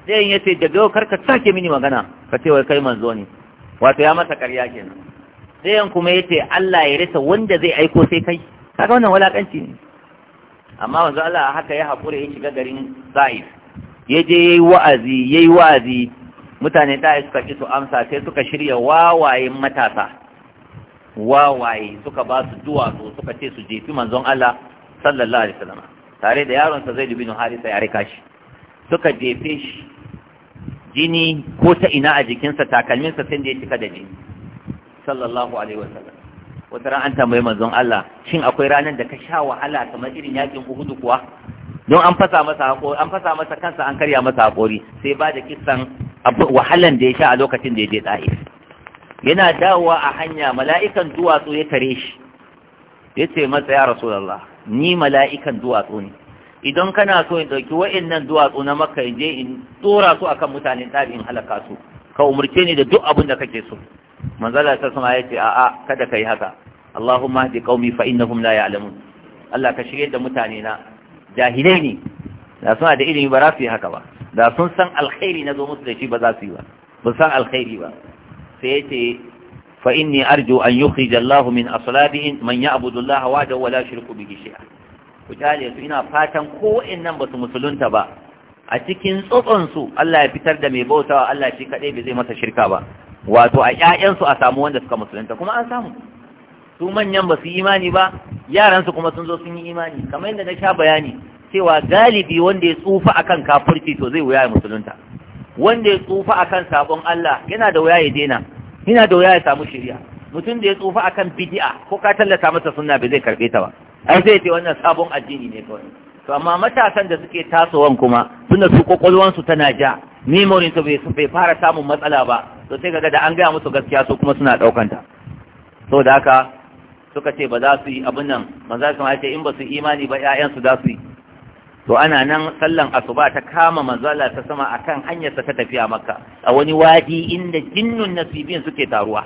sai in yace daga yau karka sake mini magana ka ce wai kai manzo ne wato ya masa ƙarya kenan sai in kuma yace Allah ya rasa wanda zai aiko sai kai kaga wannan walakanci ne amma wanzu Allah haka ya hakura ya shiga garin Sa'id ya je yayi wa'azi yayi wa'azi mutane da suka ki su amsa sai suka shirya wawayen matasa wawaye suka ba su duwatsu suka ce su jefi manzon Allah sallallahu alaihi wasallam tare da yaron sa zai dubi harisa ya rika shi suka jefe shi jini ko ta ina a jikinsa takalminsa sai da ya cika da jini sallallahu alaihi wasallam wata ran an tambayi manzon Allah shin akwai ranar da ka sha wahala kamar irin yakin Uhud kuwa don an fasa masa hakori an fasa masa kansa an karya masa hakori sai ba da kissan wahalan da ya sha a lokacin da ya je Taif yana dawowa a hanya mala'ikan duwatsu ya tare shi yace masa ya Rasulullah ni mala'ikan duwatsu ne idan kana so in ɗauki nan duwatsu na maka in je in tsora su akan mutanen ɗabi in halaka su ka umarce ni da duk abin da kake so manzala ta sama ya ce a'a kada ka yi haka Allahumma hadi qaumi fa innahum la ya'lamun Allah ka shigar da mutane na jahilai ne da suna da ilimi ba za su yi haka ba da sun san alkhairi na zo musu da shi ba za su yi ba ba san alkhairi ba sai ya فإني أرجو أن يخرج الله من أصلابهم من يعبد الله وحده ولا يشرك به شيئا kujale su ina fatan ko innan basu musulunta ba a cikin tsotson su Allah ya fitar da mai bautawa Allah shi kadai bai masa shirka ba wato a ƴaƴan su a samu wanda suka musulunta kuma an samu su manyan basu imani ba yaransu kuma sun zo sun yi imani kamar yadda na sha bayani cewa galibi wanda ya tsufa akan kafirci to zai wuya ya musulunta wanda ya tsufa akan sabon Allah yana da wuya ya daina yana da wuya ya samu shirya mutum da ya tsufa a akan bid'a ko ka tallata masa sunna bai zai karbe ta ba ai zai ce wannan sabon addini ne kawai to amma matasan da suke tasowan kuma tunda su kokolwan su tana ja memory to bai bai fara samun matsala ba to sai kaga da an gaya musu gaskiya su kuma suna daukan ta so da haka suka ce ba za su yi abin nan manzo kuma ya ce in ba su imani ba ƴaƴan su za su yi to ana nan sallan asuba ta kama manzala ta sama akan hanyarsa ta tafiya makka a wani wadi inda jinnun nasibin suke taruwa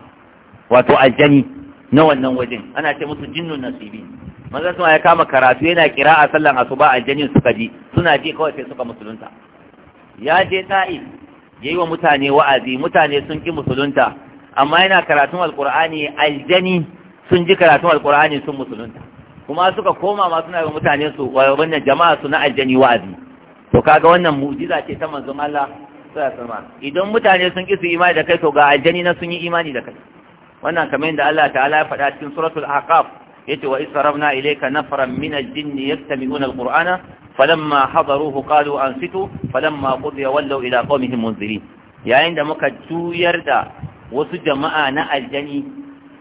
wato aljani na wannan wajen ana ce musu jinnun nasibin manzon sama ya kama karatu yana kira a sallan asuba aljanin suka ji suna ji kawai sai suka musulunta ya je ta'i yayi wa mutane wa'azi mutane sun ki musulunta amma yana karatun alqur'ani aljani sun ji karatun alqur'ani sun musulunta kuma suka koma masu na ga mutane su wannan jama'a su na aljani wa'azi to kaga wannan mu'jiza ce ta manzon Allah sallallahu alaihi idan mutane sun ki su imani da kai to ga aljani na sun yi imani da kai wannan kamar yadda Allah ta'ala ya faɗa cikin suratul ahqaf yace wa na ilayka nafaran min al-jinn yastami'una al-qur'ana falamma hadaruhu qalu ansitu falamma qudiya wallaw ila qaumihim munzirin yayin da muka juyar da wasu jama'a na aljani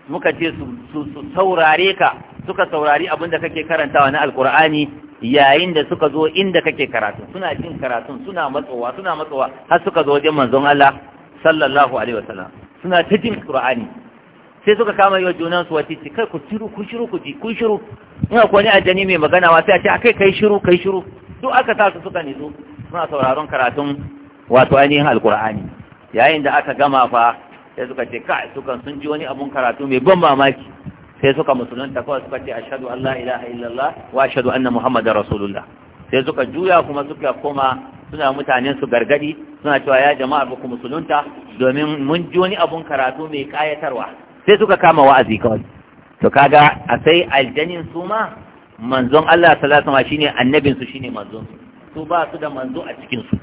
muka ce su saurare ka suka saurari abin da kake karantawa na alkur'ani yayin da suka zo inda kake karatu suna jin karatun suna matsowa suna matsowa har suka zo wajen manzon Allah sallallahu alaihi wasallam suna ta jin qur'ani sai suka kama yau junan su wace ce kai ku shiru ku shiru ku ji ku shiru ina ko ne ajani mai magana wa sai a ce kai kai shiru kai shiru duk aka sa su suka nizo suna sauraron karatun wato ainihin alkur'ani yayin da aka gama fa sai suka ce kai sukan sun ji wani abun karatu mai ban mamaki sai suka musulunta kawai suka ce ashhadu Allah la ilaha illallah wa ashhadu anna Muhammad rasulullah sai suka juya kuma suka koma suna mutanen su gargadi suna cewa ya jama'a ba ku musulunta domin mun ji wani abun karatu mai kayatarwa sai suka kama wa'azi kawai to kaga a sai aljanin su ma manzon Allah sallallahu alaihi shine annabin su shine manzon su ba su da manzo a cikin su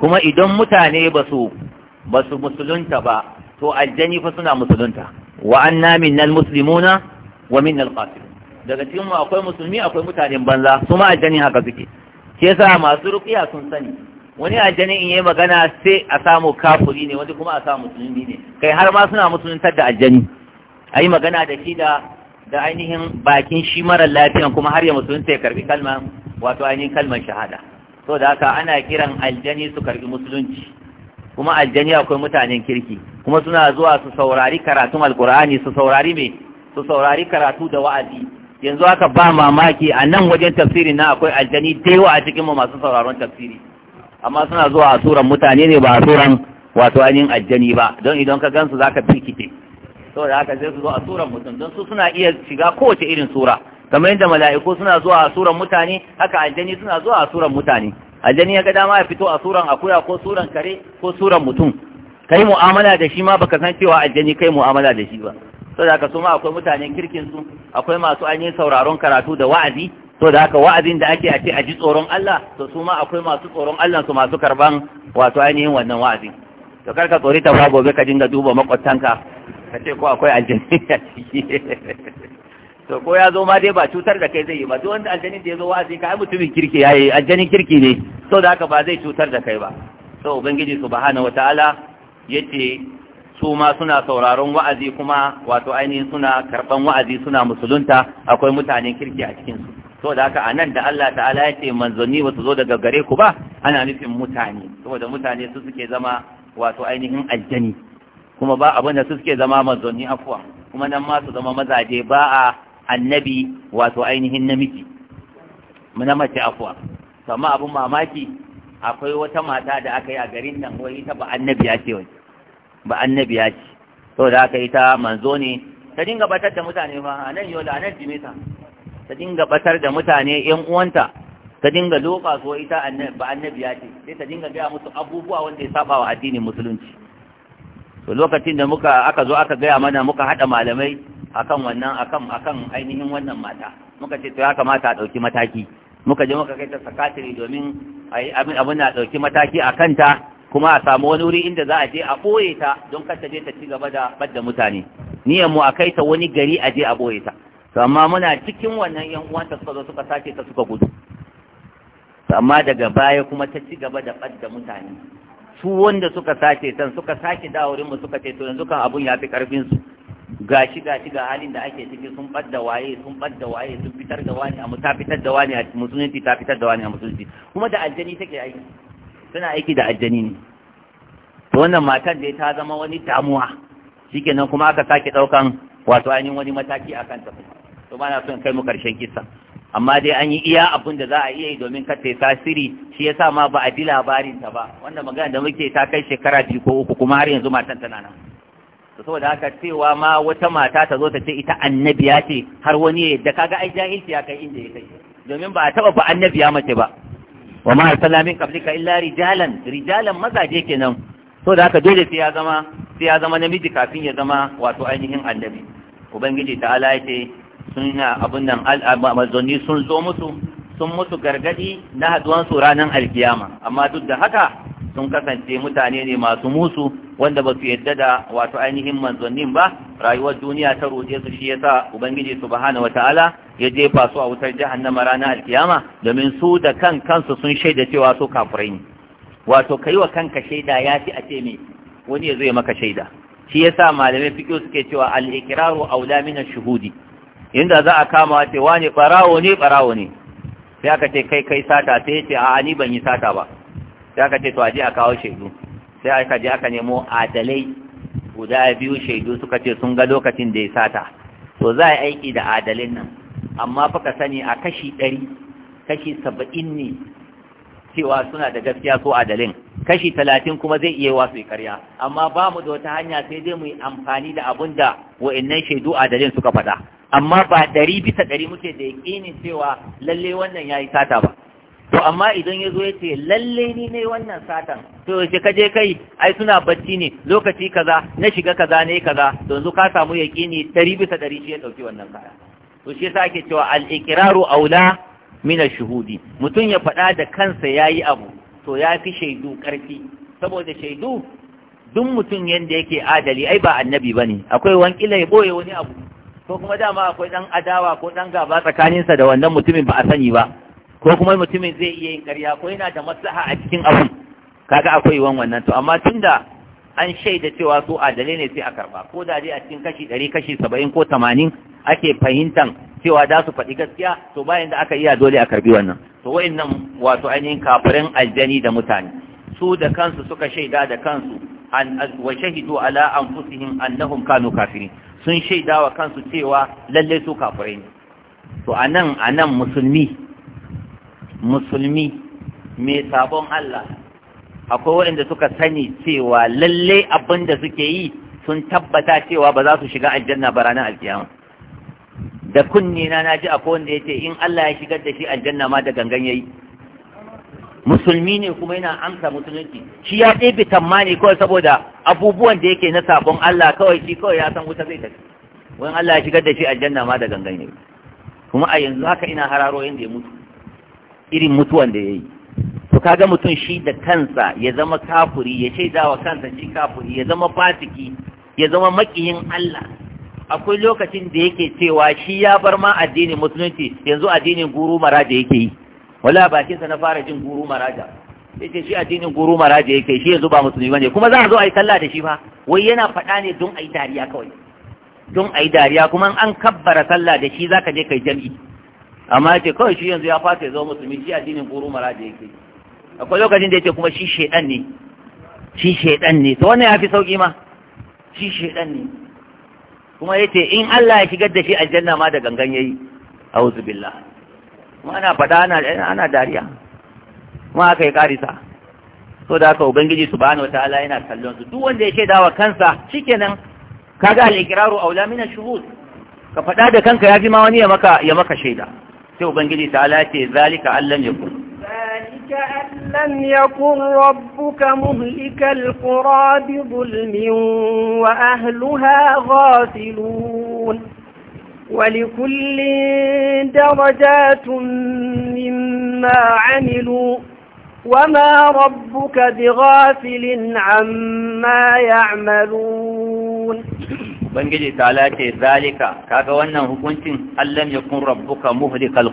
kuma idan mutane ba su ba su musulunta ba to aljani fa suna musulunta wa anna minnal muslimuna wa daga cikin mu akwai musulmi akwai mutanen banza su ma haka suke shi yasa masu ruqiya sun sani wani aljani in yayi magana sai a samu kafuri ne wani kuma a samu musulmi ne kai har ma suna musuluntar da aljani ayi magana da shi da da ainihin bakin shi mara lafiya kuma har ya musulunta ya karbi kalma wato ainihin kalmar shahada saboda da haka ana kiran aljani su karbi musulunci kuma aljani akwai mutanen kirki kuma suna zuwa su saurari karatun alkur'ani su saurari me su saurari karatu da wa'azi yanzu haka ba mamaki a nan wajen tafsiri na akwai aljani da yawa a cikin masu sauraron tafsiri amma suna zuwa a suran mutane ne ba a suran wato ainihin aljani ba don idan ka gansu zaka firkite saboda haka sai su zo a suran mutum don su suna iya shiga kowace irin sura kamar yadda mala'iku suna zuwa a suran mutane haka aljani suna zuwa a suran mutane aljani ya ga dama ya fito a suran akuya ko suran kare ko suran mutum kai mu'amala da shi ma baka san cewa aljani kai mu'amala da shi ba saboda haka su ma akwai mutanen kirkin su akwai masu ainihin sauraron karatu da wa'azi to da haka wa'azin da ake a ce a ji tsoron Allah to su ma akwai masu tsoron Allah su masu karban wato ainihin wannan wa'azi. to karka tsori ta ba gobe ka dinga duba makwatanka ka ce ko akwai aljani a to ko ya zo ma dai ba cutar da kai zai yi ba duk wanda aljanin da ya zo wa'azi ka ai mutumin kirki yayi aljanin kirki ne da haka ba zai cutar da kai ba so ubangiji subhanahu wataala yace su ma suna sauraron wa'azi kuma wato ainihin suna karban wa'azi suna musulunta akwai mutanen kirki a cikin su so da haka anan da Allah ta'ala ya ce manzanni ba su zo daga gare ku ba ana nufin mutane saboda mutane su suke zama wato ainihin aljani kuma ba abin da su suke zama manzanni afuwa kuma nan ma su zama mazaje ba a annabi wato ainihin namiji na mace afuwa sama abin mamaki akwai wata mata da aka yi a garin nan wai ita ba annabi ya ce wani ba annabi ya ce to da aka yi ta manzo ne ta dinga batar da mutane ba a nan yau da a nan jimeta ta dinga batar da mutane yan uwanta ta dinga loka so ita ba annabi ya ce sai ta dinga gaya musu abubuwa wanda ya saba wa addinin musulunci to lokacin da muka aka zo aka gaya mana muka hada malamai akan wannan akan akan ainihin wannan mata muka ce to ya kamata a dauki mataki muka je muka kai ta sakatiri domin abin na dauki mataki a kanta kuma a samu wani wuri inda za a je a boye ta don kar ta je ta ci gaba da ɓadda mutane niyan mu a kai ta wani gari a je a ɓoye ta to amma muna cikin wannan yan uwanta suka zo suka sace ta suka gudu amma daga baya kuma ta ci gaba da ɓadda mutane su wanda suka sace tan suka sake da wurin mu suka ce to yanzu kan abun ya fi karfin su gashi gashi ga halin da ake ciki sun badda waye sun badda waye sun fitar da wani a ta fitar da wani a musulunci ta fitar da wani a musulunci kuma da aljani take aiki suna aiki da aljani ne to wannan matan dai ta zama wani damuwa shikenan kuma aka sake daukan wato ainihin wani mataki akan ta to ba na son kai mu karshen kissa amma dai an yi iya abin da za a iya yi domin kar ta tasiri shi yasa ma ba a ji labarin ta ba wanda magana da muke ta kai shekara biyu ko uku kuma har yanzu matan tana nan to saboda haka cewa ma wata mata ta zo ta ce ita annabiya ce har wani ya yadda kaga ai jahilci ya kai inda ya kai domin ba a taba ba annabiya mace ba wa ma arsalna min qablika illa rijalan rijalan mazaje kenan saboda haka dole sai ya zama sai ya zama namiji kafin ya zama wato ainihin annabi ubangiji ta'ala ya ce suna abin nan al'amazoni sun zo musu sun mutu gargadi na haduwansu ranar alkiyama amma duk da haka sun kasance mutane ne masu musu wanda ba su yadda da wato ainihin manzannin ba rayuwar duniya ta roje su shi yasa ubangiji subhanahu wataala ya jefa su a wutar jahannama ranar alkiyama domin su da kan kansu sun shaida cewa su kafirai ne wato yi wa kanka shaida ya fi a ce me wani ya zo ya maka shaida shi yasa malamai fiqh suke cewa al a aula min ash inda za a kama ce wani farawo ne farawo ne sai aka ce kai kai sata sai ya ce a ni ban yi sata ba sai aka ce to aje a kawo shaidu sai aka je aka nemo adalai guda biyu shaidu suka ce sun ga lokacin da ya sata to za a yi aiki da adalin nan amma fa sani a kashi ɗari kashi saba'in ne cewa suna da gaskiya ko adalin kashi talatin kuma zai iya wasu karya amma ba mu da wata hanya sai dai mu yi amfani da abun da wa'annan shaidu adalin suka faɗa amma ba ɗari bisa ɗari muke da yaƙinin cewa lalle wannan ya yi sata ba to amma idan ya zo ya ce lalle ni ne wannan satan to yaushe ka je kai ai suna bacci ne lokaci kaza na shiga kaza ne kaza yanzu ka samu yaƙini ɗari bisa ɗari shi ya ɗauki wannan kaya to shi yasa ake cewa al-iqraru aula min ash-shuhudi mutum ya faɗa da kansa yayi abu to ya fi shaidu ƙarfi saboda shaidu duk mutum yanda yake adali ai ba annabi bane akwai wankila ya boye wani abu ko kuma dama akwai ɗan adawa ko dan gaba tsakaninsa da wannan mutumin ba a sani ba ko kuma mutumin zai iya yin ƙarya ko yana da maslaha a cikin abu kaga akwai wan wannan to amma tunda an shaida cewa su adalai ne sai a karba ko da dai a cikin kashi ɗari kashi saba'in ko tamanin ake fahimtan cewa za su faɗi gaskiya to bayan da aka iya dole a karbi wannan to wa'annan wato ainihin kafirin aljani da mutane su da kansu suka shaida da kansu an wa shahidu ala anfusihim annahum kanu kafirin sun shaida wa kansu cewa lalle su kafirai ne to anan anan musulmi musulmi mai sabon Allah akwai waɗanda suka sani cewa lalle abin da suke yi sun tabbata cewa ba za su shiga aljanna ba ranar alkiyama da kunne na naji akwai wanda yace in Allah ya shigar da shi aljanna ma da gangan yayi musulmi ne kuma yana amsa musulunci shi ya ɗebe tammani kawai saboda abubuwan da yake na sabon Allah kawai shi kawai ya san wuta zai tafi wani Allah ya shigar da shi aljanna ma da gangan ne kuma a yanzu haka ina hararo yadda ya mutu irin mutuwan da ya yi to kaga mutum shi da kansa ya zama kafuri ya shaida wa kansa shi kafuri ya zama fasiki ya zama makiyin Allah akwai lokacin da yake cewa shi ya bar ma addinin musulunci yanzu addinin guru maraja yake yi wala bakinsa na fara jin guru maraja yace shi addinin guru maraje yake shi yanzu ba musulmi bane kuma za a zo a yi sallah da shi fa wai yana faɗa ne don a yi dariya kawai don a yi dariya kuma an kabbara sallah da shi zaka je kai jam'i amma yace kawai shi yanzu ya fata ya zo musulmi shi addinin guru maraje yake akwai lokacin da yace kuma shi shedan ne shi shedan ne to wannan ya fi sauki ma shi shedan ne kuma yace in Allah ya shigar da shi aljanna ma da gangan yayi a'udhu billah kuma ana faɗa ana ana dariya kuma aka yi karisa so da aka ubangiji subhanahu wataala yana kallon su duk wanda ya shaida wa kansa shikenan kaga al-iqraru aula min ash-shuhud ka faɗa da kanka fi ma wani ya maka shaida sai ubangiji ta'ala ce zalika allan yakun zalika allan yakun rabbuka muhlikal qura bi zulmin wa ahliha ghafilun ولكل درجات مما عملوا وما ربك بغافل عما يعملون بنجي تعالى ذلك كاغا wannan hukuncin Allah ya kun rabbuka muhlikal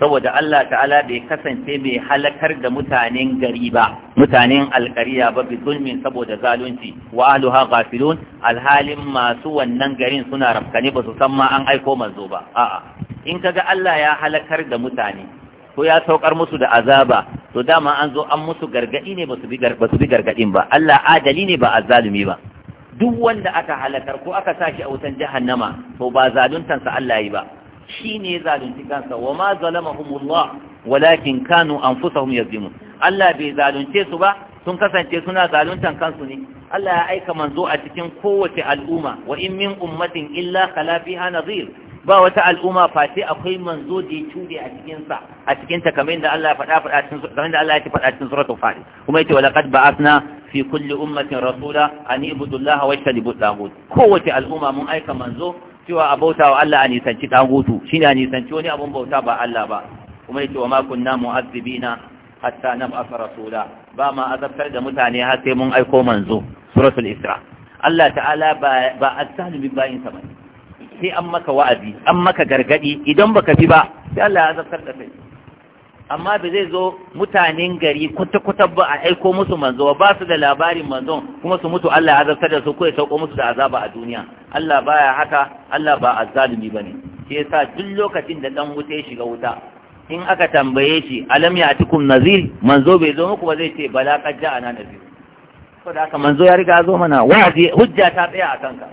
saboda Allah ta'ala bai kasance mai halakar da mutanen gari ba mutanen alkariya ba bi zulmin saboda zalunci wa ahluha ghafilun alhalin masu wannan garin suna rafkane ba su san ma an aiko manzo ba a'a in kaga Allah ya halakar da mutane ko ya saukar musu da azaba to dama an zo an musu gargadi ne ba su bi gargadin ba Allah adali ne ba azzalumi ba duk wanda aka halakar ko aka sa shi a wutan jahannama to ba zaluntansa Allah yi ba shi ne zalunci kansa wa ma zalamahumullah walakin kanu anfusahum yazlimun Allah bai zalunce su ba sun kasance suna zaluntan kansu ne Allah ya aika manzo a cikin kowace al'umma wa in min ummatin illa khala fiha nadhir ba wata al'umma face akwai manzo da ya cuɗe a cikinsa a cikinta kamar yadda Allah ya faɗa faɗa cikin kamar yadda Allah ya faɗa cikin suratul fatir kuma yace walaqad ba'athna fi kulli ummatin rasula an ibudu Allah wa yajtanibu taghut kowace al'umma mun aika manzo cewa a bauta wa Allah a nisanci tagutu shine a nisanci wani abun bauta ba Allah ba kuma yace wa ma kunna mu'azzibina hatta nab'atha rasula ba ma azabtar da mutane har sai mun aiko manzo suratul isra Allah ta'ala ba ba azalimi bayin sa bane sai an maka wa'azi an maka gargadi idan baka bi ba sai Allah ya zartar da kai amma ba zai zo mutanen gari kuta-kuta ba a aiko musu manzo ba su da labarin manzon kuma su mutu Allah ya zartar da su ko ya sauko musu da azaba a duniya Allah baya haka Allah ba azzalumi bane shi yasa duk lokacin da dan wuta ya shiga wuta in aka tambaye shi alam tukun nazir manzo bai zo muku ba zai ce bala qad ana nazir saboda haka manzo ya riga zo mana wa'azi hujja ta tsaya a kanka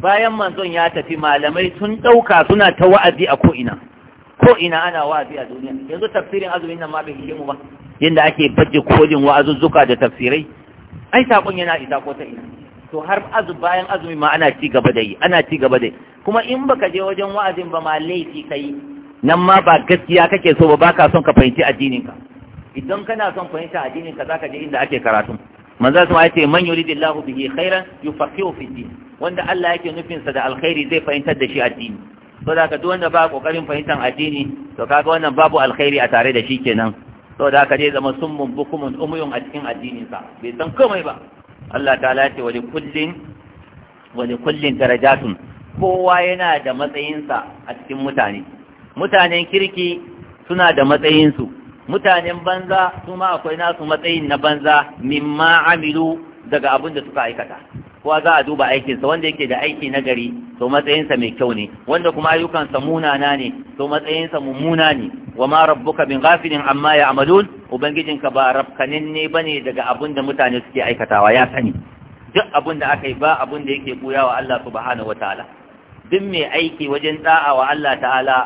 bayan manzon ya tafi malamai sun ɗauka suna ta wa'azi a ko'ina ko'ina ana wa'azi a duniya yanzu tafsirin azumin nan ma bai hishe mu ba yadda ake baje kojin wa'azuzzuka da tafsirai ai saƙon yana isa ko ta ina to har bayan azumi ma ana ci gaba da yi ana ci gaba da yi kuma in baka je wajen wa'azin ba ma laifi ka yi. nan ma ba gaskiya kake so ba baka son ka fahimci addininka idan kana son fahimta addininka zaka je inda ake karatu manzo sun ce man yuridillahu bihi khairan yufaqihu fid din wanda Allah yake nufinsa da alkhairi zai fahimtar da shi addini da ka duk wanda ba kokarin fahimtar addini to kaga wannan babu alkhairi a tare da shi kenan da ka je zama summun bukumun umuyun a cikin addini sa bai san komai ba Allah ta'ala ce wa likullin wa likullin darajatun kowa yana da matsayinsa a cikin mutane mutanen kirki suna da matsayinsu mutanen banza su ma akwai nasu matsayin na banza mimma amilu daga abin da suka aikata kowa za a duba aikinsa wanda yake da aiki na gari to matsayinsa mai kyau ne wanda kuma ayyukansa munana ne to matsayinsa mummuna ne wa ma rabbuka bin ghafilin amma ya amalun ubangijinka ba rafkanin ne bane daga abin da mutane suke aikatawa ya sani duk abin da aka yi ba abin da yake buya wa Allah subhanahu wataala duk mai aiki wajen da'a wa Allah ta'ala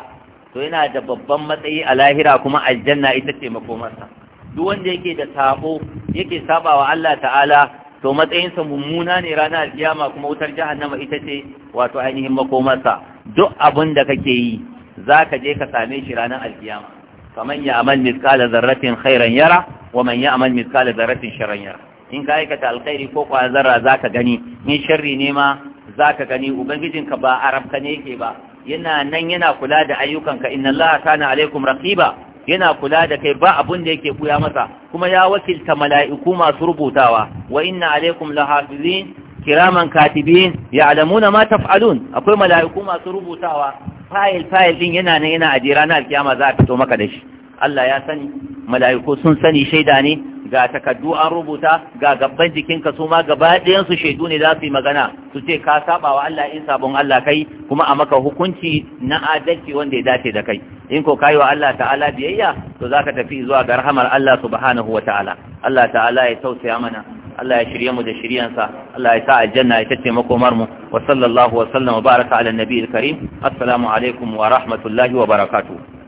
to yana da babban matsayi a lahira kuma aljanna ita ce makomarsa duk wanda yake da sabo yake saba wa Allah ta'ala to matsayinsa mummuna ne ranar alkiyama kuma wutar jahannama ita ce wato ainihin makomarsa duk abin da kake yi za ka je ka same shi ranar alkiyama kaman ya amal miskala zarratin khairan yara wa man ya amal miskala zarratin sharran yara in ka aikata alkhairi ko kwa zarra za ka gani in sharri ne ma za ka gani ubangijinka ba arabka ne yake ba yana nan yana kula da ayyukanka inna allaha kana alaikum raqiba yana kula da kai ba abun da yake buya masa kuma ya wakilta mala'iku masu rubutawa wa inna alaikum lahafizin kiraman katibin ya'lamuna ma taf'alun akwai mala'iku masu rubutawa fayil fayil din yana nan yana ajira na alkiyama za a fito maka da shi Allah ya sani mala'iku sun sani shaida ne ga takaddu an rubuta ga gaban jikinka su ma gaba ɗayan su shaidu ne za su yi magana su ce ka saba wa Allah in sabon Allah kai kuma a maka hukunci na adalci wanda ya dace da kai in ko kayi wa Allah ta'ala biyayya to zaka tafi zuwa ga rahamar Allah subhanahu wa ta'ala Allah ta'ala ya tausaya mana Allah ya shirye mu da shiryansa Allah ya sa aljanna ya tace makomar mu wa sallallahu wa sallama baraka ala nabiyil karim assalamu alaikum wa rahmatullahi wa barakatuh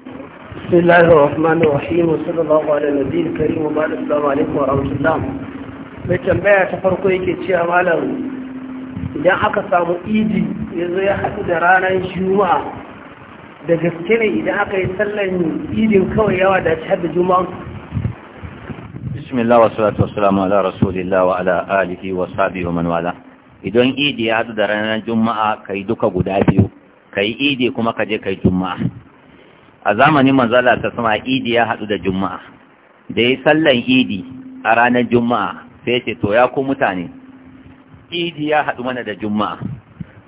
بسم الله الرحمن الرحيم وصلى الله على النبي الكريم وبعد السلام عليكم ورحمة الله mai tambaya ta farko yake cewa malam idan aka samu idi yanzu ya haɗu da ranar juma'a da gaske ne idan aka yi sallan idin kawai yawa da ci da juma'a bismillah wa salatu wa salamu ala rasulillah wa ala alihi wa sahbihi wa man wala idan idi ya haɗu da ranar juma'a kai duka guda biyu kai idi kuma ka je kai juma'a a zamanin manzala ta sama idi ya haɗu da juma'a da ya sallan idi a ranar juma'a sai ce to ya ku mutane idi ya haɗu mana da juma'a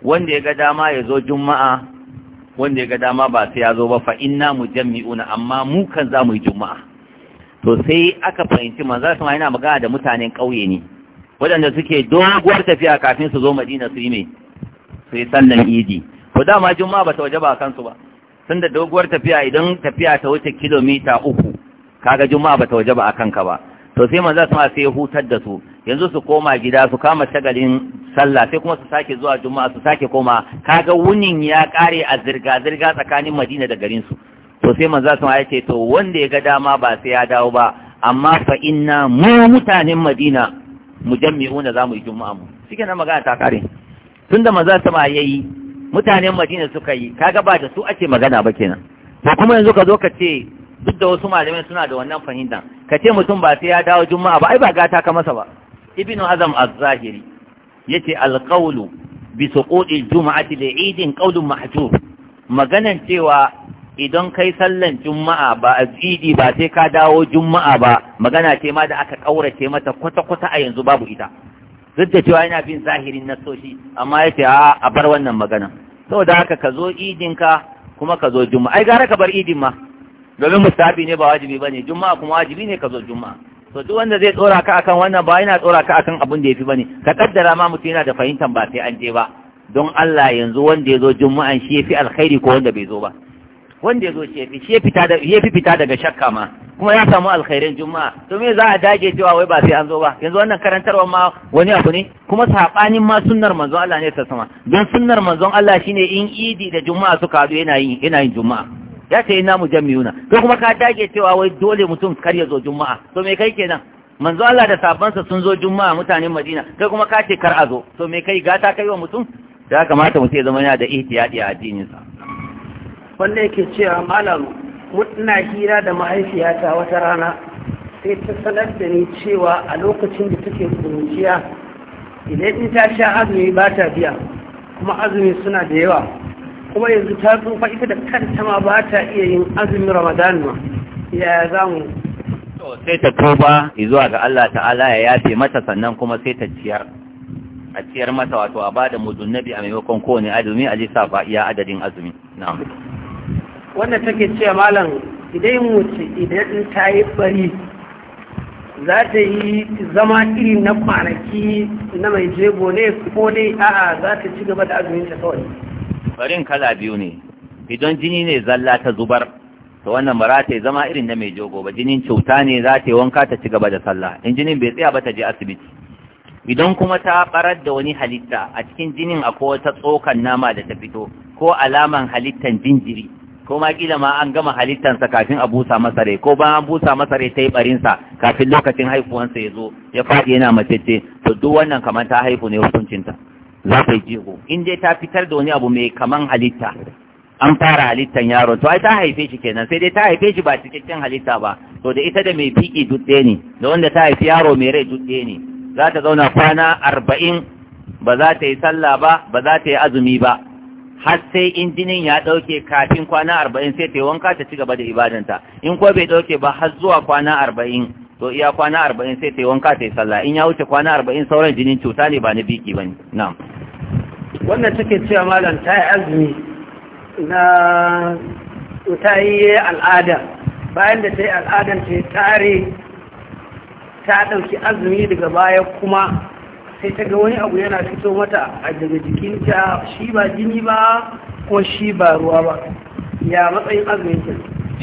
wanda ya ga dama ya zo juma'a wanda ya ga dama ba sai ya zo ba fa inna mujammi'una amma mu kan za mu yi juma'a to sai aka fahimci manzala sama yana magana da mutanen ƙauye ne waɗanda suke doguwar tafiya kafin su zo madina su yi mai sai sallan idi ko dama juma'a ba ta waje ba kansu ba tun da doguwar tafiya idan tafiya ta wuce kilomita uku kaga juma'a bata waje ba a kanka ba to sai manzo ma sai ya hutar da su yanzu su koma gida su kama shagalin sallah sai kuma su sake zuwa juma'a su sake koma kaga wunin ya kare a zirga zirga tsakanin madina da garin su to sai manzo sama ya ce to wanda ya ga dama ba sai ya dawo ba amma fa inna mu mutanen madina mujammi'una zamu yi juma'a mu shike na magana ta kare tunda manzo sama yayi mutanen madina suka yi kaga ba da su ake magana ba kenan to kuma yanzu ka zo ka ce duk da wasu malamai suna da wannan fahimta ka ce mutum ba sai ya dawo juma'a ba ai ba gata ka masa ba ibnu azam az-zahiri yace al-qawlu bi suqutil juma'ati idin qawlun mahjub maganan cewa idan kai sallan juma'a ba azidi ba sai ka dawo juma'a ba magana ce ma da aka kaurace mata kwata kwata a yanzu babu ita duk da cewa yana bin zahirin nasoshi amma yace a a bar wannan magana saboda haka ka zo idinka kuma ka zo juma'a ai gara ka bar idin ma domin mustafi ne ba wajibi bane juma'a kuma wajibi ne ka zo juma'a to duk wanda zai tsora ka akan wannan ba yana tsora ka akan abin da yafi bane ka kaddara ma mutum yana da fahimtar ba sai an je ba don Allah yanzu wanda ya zo juma'an shi yafi alkhairi ko wanda bai zo ba wanda ya zo shi yafi fi yafi fita daga shakka ma kuma ya samu alkhairin juma'a to me za a dage cewa wai ba sai an zo ba yanzu wannan karantarwa ma wani abu ne kuma sabanin ma sunnar manzon Allah ne ta sama don sunnar manzon Allah shine in idi da juma'a suka hadu yana yin yana yin juma'a ya ce ina mu jami'una to kuma ka dage cewa wai dole mutum kar ya zo juma'a to me kai kenan manzo Allah da sabansa sun zo juma'a mutanen Madina kai kuma ka ce kar a zo to me kai gata kai wa mutum da kamata mutum ya zama yana da ihtiyadi a addininsa wanda yake cewa malamu muna hira da mahaifiyata wata rana sai ta sanar da ni cewa a lokacin da take kuruciya idan in ta sha azumi ba ta biya kuma azumi suna da yawa kuma yanzu ta tsufa ita da kanta ma ba ta iya yin azumin ramadan ma ya za mu sai ta tuba zuwa ga Allah ta'ala ya yafe mata sannan kuma sai ta ciyar a ciyar mata wato a bada nabi a maimakon kowane azumi a lissa ba iya adadin azumi na'am wanda take cewa malam idan mace idan ta yi bari za ta yi zama iri na kwanaki na mai jego ne ko dai a'a za ta ci gaba da azuminta kawai barin kala biyu ne idan jini ne zalla ta zubar to wannan ba za ta yi zama irin na mai jogo ba jinin cuta ne za ta yi wanka ta ci gaba da sallah in jinin bai tsaya ba ta je asibiti idan kuma ta barar da wani halitta a cikin jinin akwai wata tsokan nama da ta fito ko alaman halittan jinjiri ko ma kila ma an gama halittansa kafin a busa masa ko ba an busa masa rai ta yi barinsa kafin lokacin haifuwansa ya zo ya faɗi yana macece to duk wannan kamar ta haifu ne hukuncinta za ta yi jego in dai ta fitar da wani abu mai kaman halitta an fara halittan yaro. to ai ta haife shi kenan sai dai ta haife shi ba cikakken halitta ba to da ita da mai fiki dutse ne da wanda ta haifi yaro mai rai dutse ne za ta zauna kwana arba'in ba za ta yi sallah ba ba za ta yi azumi ba har sai in jinin ya ɗauke kafin kwana arba'in sai ta yi wanka ta ci gaba da ibadanta in ko bai ɗauke ba har zuwa kwana arba'in to iya kwana arba'in sai ta yi wanka ta yi sallah in ya wuce kwana arba'in sauran jinin cuta ne ba na biki ba ne na wannan take cewa malam ta yi azumi na ta yi al'ada bayan da ta yi al'adan ta tare ta ɗauki azumi daga baya kuma sai ta ga wani abu yana fito mata a daga jikinta shi ba jini ba ko shi ba ruwa ba ya matsayin azumin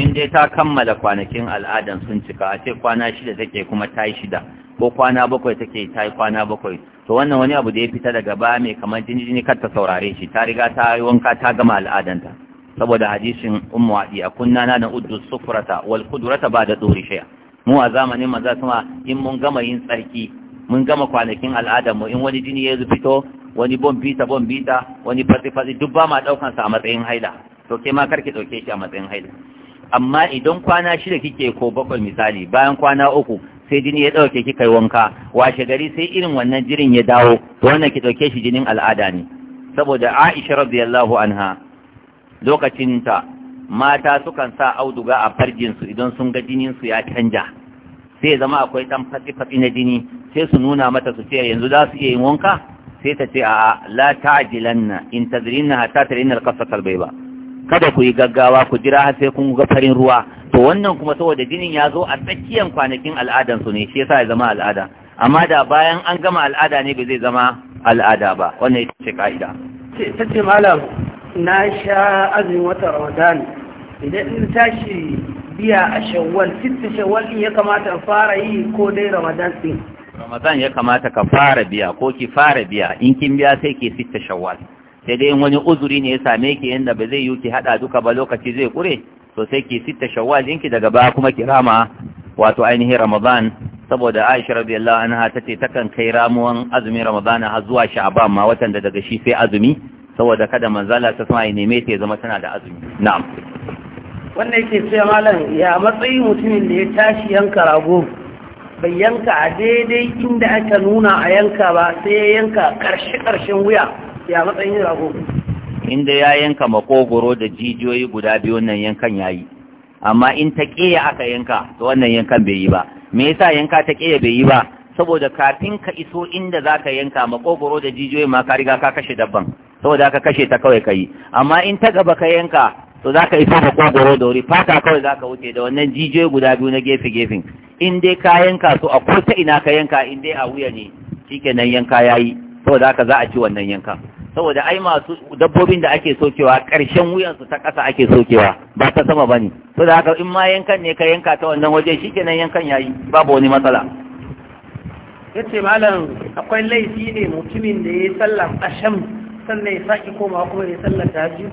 in dai ta kammala kwanakin al'adan sun cika a ce kwana shida take kuma ta yi shida ko kwana bakwai take ta yi kwana bakwai to wannan wani abu da ya fita daga ba mai kamar jini jini kar ta saurare shi ta riga ta yi wanka ta gama al'adanta saboda hadisin ummu a kunna na da uddu sufrata wal qudrata ba da dori shay'a mu a zamanin maza kuma in mun gama yin tsarki mun gama kwanakin al'adar mu in wani jini ya fito wani bombita bombita wani fatsi duk ba ma daukan a matsayin haila to ke ma karki dauke shi a matsayin haila amma idan kwana shida kike ko bakwai misali bayan kwana uku sai jini ya dauke ki kai wanka washe gari sai irin wannan jirin ya dawo to wannan ki dauke shi jinin al'ada ne saboda Aisha radiyallahu anha lokacin ta mata sukan sa auduga a farjinsu idan sun ga jinin su ya canja sai zama akwai dan fatifati na jini sai su nuna mata su ce yanzu za su iya yin wanka sai ta ce a la ta'jilanna in tadrinna hatta ta rinar qasata al ba. kada ku yi gaggawa ku jira har sai kun ga farin ruwa to wannan kuma saboda jinin ya zo a tsakiyar kwanakin al'adan su ne shi yasa ya zama al'ada amma da bayan an gama al'ada ne bai zai zama al'ada ba wannan ita ce ka'ida ta ce malam na sha azumin wata ramadan idan in tashi biya a shawwal sitta shawwal ya kamata fara yi ko dai ramadan din ramadan ya kamata ka fara biya ko ki fara biya in kin biya sai ki sita shawwal sai dai wani uzuri ne ya same ki inda ba zai yi ki hada duka ba lokaci zai kure to sai ki sitta shawwal ɗinki daga baya kuma ki rama wato ainihin ramadan saboda aisha radiyallahu anha tace takan kai ramuwan azumin ramadan har zuwa sha'ban ma watan da daga shi sai azumi saboda kada manzala ta sama ya neme ta zama tana da azumi na'am wannan yake cewa malam ya matsayi mutumin da ya tashi yanka rago bai yanka a daidai inda aka nuna a yanka ba sai ya yanka karshe ƙarshen wuya ya matsayin rago inda ya yanka makogoro da jijiyoyi guda biyu wannan yankan ya yi amma in ta ƙeya aka yanka to wannan yankan bai yi ba me yasa yanka ta ƙeya bai yi ba saboda kafin ka iso inda za ka yanka makogoro da jijiyoyi ma ka riga ka kashe dabban saboda ka kashe ta kawai ka yi amma in ta gaba ka yanka to za ka iso makogoro da wuri fata kawai za ka wuce da wannan jijiyoyi guda biyu na gefe gefen in dai ka yanka su a ko ta ina ka yanka in dai a wuya ne shi nan yanka yi, saboda haka za a ci wannan yankan saboda ai masu dabbobin da ake sokewa ƙarshen wuyansu ta ƙasa ake sokewa ba ta sama ba to Saboda haka in ma yankan ne ka yanka ta wannan waje shikenan yankan yi, babu wani matsala yace malam akwai laifi ne mutumin da ya sallar asham sannan ya sake komawa kuma ya sallar biyu.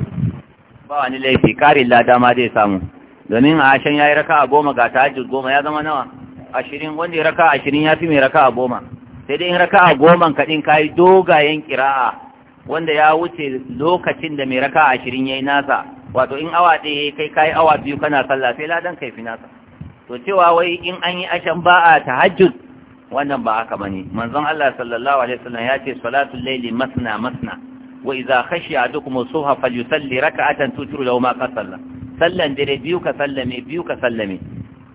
ba wani laifi karin lada ma zai samu domin a ashen ya yi raka a goma ga tahajjud goma ya zama nawa ashirin wanda ya raka ashirin ya fi mai raka a goma sai dai in raka a goma kaɗin ka yi dogayen kira'a wanda ya wuce lokacin da mai raka ashirin ya yi nasa wato in awa ɗaya kai ka yi awa biyu kana sallah sai ladan kai fi nasa to cewa wai in an yi ashen ba a tahajjud wannan ba haka bane manzon Allah sallallahu alaihi wasallam ya ce salatul laili masna masna wa idza khashiya adukum subha falyusalli raka'atan tutru law ma qasalla sallan dare biyu ka sallame biyu ka sallame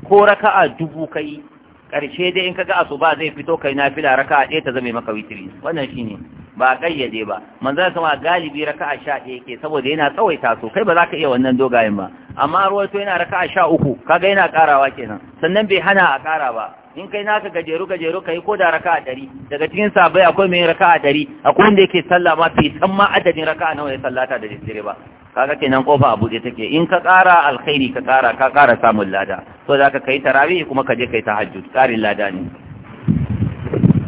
ko raka'a dubu kai karshe dai in kaga asuba zai fito kai nafila raka'a daya ta zame maka witri wannan shine ba kayyade ba manzo sama galibi raka'a 11 yake saboda yana tsawaita so kai ba za ka iya wannan dogayen ba amma ruwaito yana raka'a uku kaga yana karawa kenan sannan bai hana a kara ba in kai naka gajeru gajeru kai ko da raka'a dari daga cikin sabai akwai mai raka'a dari akwai wanda yake sallah ma fi san ma adadin raka'a nawa ya sallata da daddare ba kaga kenan kofa a buɗe take in ka ƙara alkhairi ka ƙara ka ƙara samun lada so za ka kai tarawih kuma ka je kai tahajjud ƙarin lada ne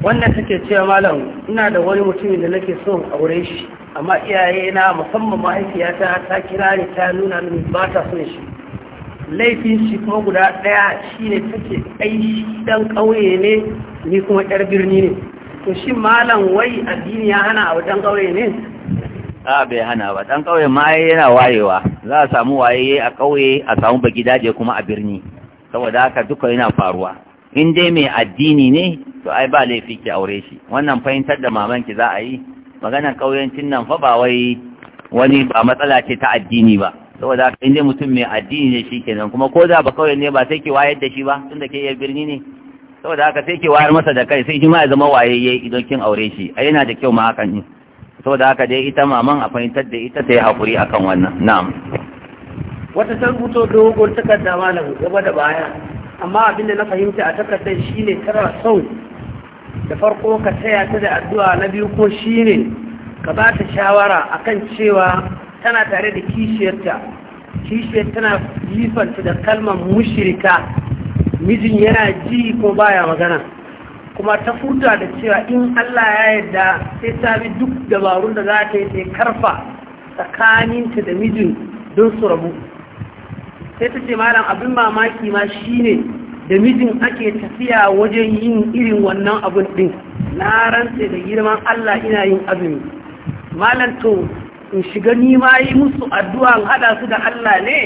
wannan take cewa malam ina da wani mutumin da nake son aure shi amma iyaye na musamman mahaifiyata ta kira ni ta nuna min ba ta son shi laifin shi kuma guda ɗaya shi ne take aishi shi ɗan ƙauye ne ni kuma ƴar birni ne to shi malam wai addini ya hana a wajen ƙauye ne a bai hana ba ɗan ƙauye ma yana wayewa za a samu waye a ƙauye a samu baki daje kuma a birni saboda haka duka yana faruwa in dai mai addini ne to ai ba laifi ki aure shi wannan fahimtar da maman ki za a yi maganar ƙauyancin nan fa ba wai wani ba matsala ce ta addini ba saboda haka inda mutum mai addini ne shi kenan kuma ko da ba kawai ne ba sai ke wayar da shi ba tun da ke iya birni ne saboda haka sai ke wayar masa da kai sai shi ma ya zama wayayye idan kin aure shi a yana da kyau ma hakan ne saboda haka dai ita maman a fahimtar da ita ta yi akan wannan na'am wata san rubuto dogon takarda malam gaba da baya amma abin da na fahimta a takardar shine tara sau da farko ka taya ta da addu'a na biyu ko shine ka ba ta shawara akan cewa tana tare da kishiyarta kishiyar tana yifanta da kalmar mushirika mijin yana ji ko baya magana kuma ta furta da cewa in Allah ya yarda sai ta bi duk dabarun da za ta yi sai karfa tsakaninta da mijin don su rabu sai ta ce malam abin mamaki ma shi ne da mijin ake tafiya wajen yin irin wannan abin din na rantse da girman Allah ina yin azumi malam to in shiga nima yi musu addu'a hada su da Allah ne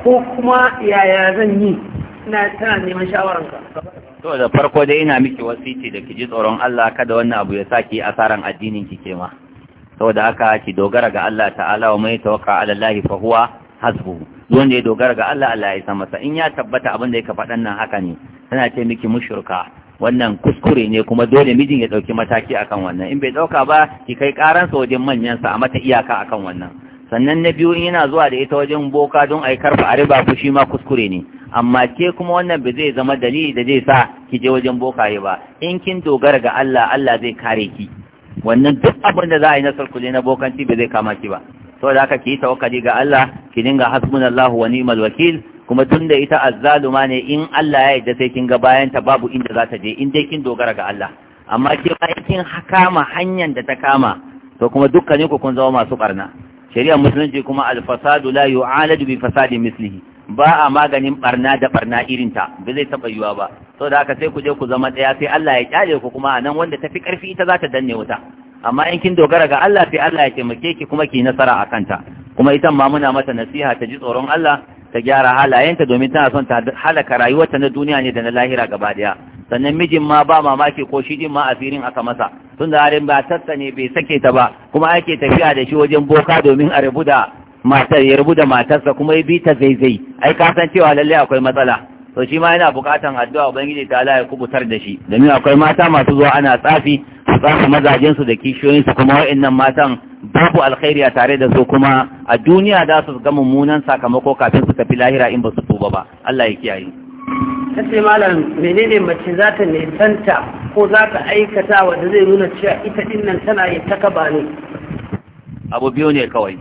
ko kuma yaya zan yi tana neman shawararka to da farko dai ina miki wasiti da ki ji tsoron Allah kada wannan abu ya saki asaran addinin ki kema saboda haka ki dogara ga Allah ta'ala wa mai tawakka ala Allah fa huwa hasbu ya dogara ga Allah Allah ya san masa in ya tabbata abin da ya ka faɗan nan haka ne tana ce miki mushurka. wannan kuskure ne kuma dole mijin ya ɗauki mataki akan wannan in bai ɗauka ba ki kai ƙaransa wajen manyansa a mata iyaka akan wannan sannan na biyu in yana zuwa da ita wajen boka don a yi karfa a riba ku shi ma kuskure ne amma ke kuma wannan ba zai zama dalili da zai sa ki je wajen boka bokaye ba in kin dogara ga Allah Allah zai kare ki wannan duk abin da za a yi na sarkule na bokanci ba zai kama ki ba saboda haka ki yi tawakkali ga Allah ki dinga hasbunallahu wa ni'mal wakil kuma tun da ita azzaluma ne in Allah ya yarda sai kin ga bayanta babu inda za ta je in dai kin dogara ga Allah amma ke bayan kin kama hanyar da ta kama to kuma dukkanin ku kun zama masu barna shari'ar musulunci kuma Al-Fasadu la yu'alaju bi fasadi mislihi ba a maganin barna da barna ta, ba zai taba yiwa ba to da haka sai ku je ku zama daya sai Allah ya kyale ku kuma nan wanda tafi karfi ita za ta danne wuta amma in kin dogara ga Allah sai Allah ya taimake ki kuma ki nasara a kanta kuma ita ma muna mata nasiha ta ji tsoron Allah ta gyara halayenta domin tana son ta halaka rayuwarta na duniya ne da na lahira gaba daya sannan mijin ma ba mamaki ko shi din ma asirin aka masa tunda harin ba tatta ne bai sake ta ba kuma ake tafiya da shi wajen boka domin a rubu da matar ya rubu da matarsa kuma ya bi ta zaizai ai ka san cewa lalle akwai matsala to shi ma yana bukatan addu'a ubangiji ta Allah ya kubutar da shi domin akwai mata masu zuwa ana tsafi su tsafa mazajen su da kishiyoyin su kuma wa'annan matan babu alkhairi a tare da su kuma a duniya za su ga mummunan sakamako kafin su tafi lahira in ba su tuba ba Allah ya kiyaye ta ce malam menene mace za ta nisanta ko za ta aikata wanda zai nuna cewa ita din nan tana ta kaba ne abu biyu ne kawai